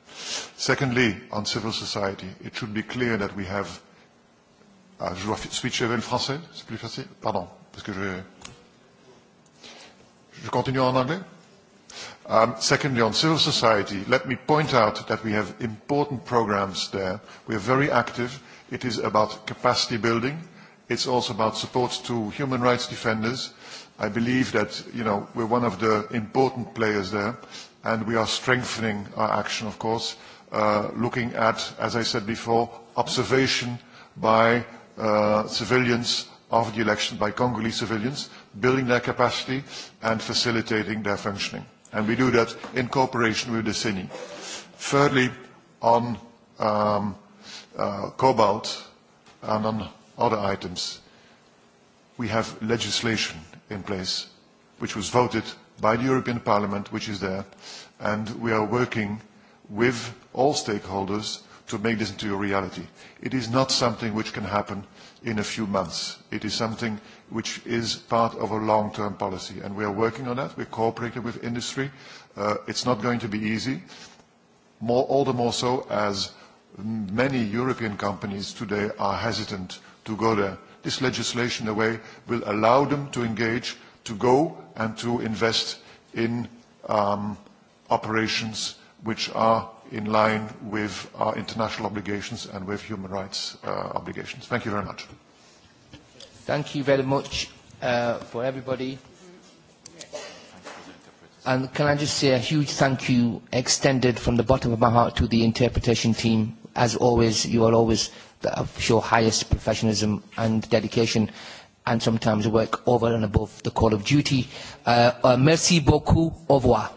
Secondly, on civil society, it should be clear that we have... Je dois switcher français, c'est plus facile. Pardon, parce que je... Je continue en anglais Secondly, on civil society, let me point out that we have important programs there. We are very active. It is about capacity building. It's also about support to human rights defenders. I believe that, you know, we're one of the important players there, and we are strengthening our action, of course, looking at, as I said before, observation by civilians of the election, by Congolese civilians, building their capacity and facilitating their functioning and we do that in cooperation with the CINI. Thirdly, on cobalt and on other items, we have legislation in place which was voted by the European Parliament, which is there, and we are working with all stakeholders to make this into a reality. It is not something which can happen in a few months. It is something which is part of a long-term policy. And we are working on that. We're cooperating with industry. It's not going to be easy, all the more so as many European companies today are hesitant to go there. This legislation, in a way, will allow them to engage, to go and to invest in operations which are in line with our international obligations and with human rights obligations. Thank you very much. Thank you very much for everybody. And can I just say a huge thank you extended from the bottom of my heart to the interpretation team. As always, you are always of your highest professionalism and dedication and sometimes work over and above the call of duty. Merci beaucoup. Au revoir.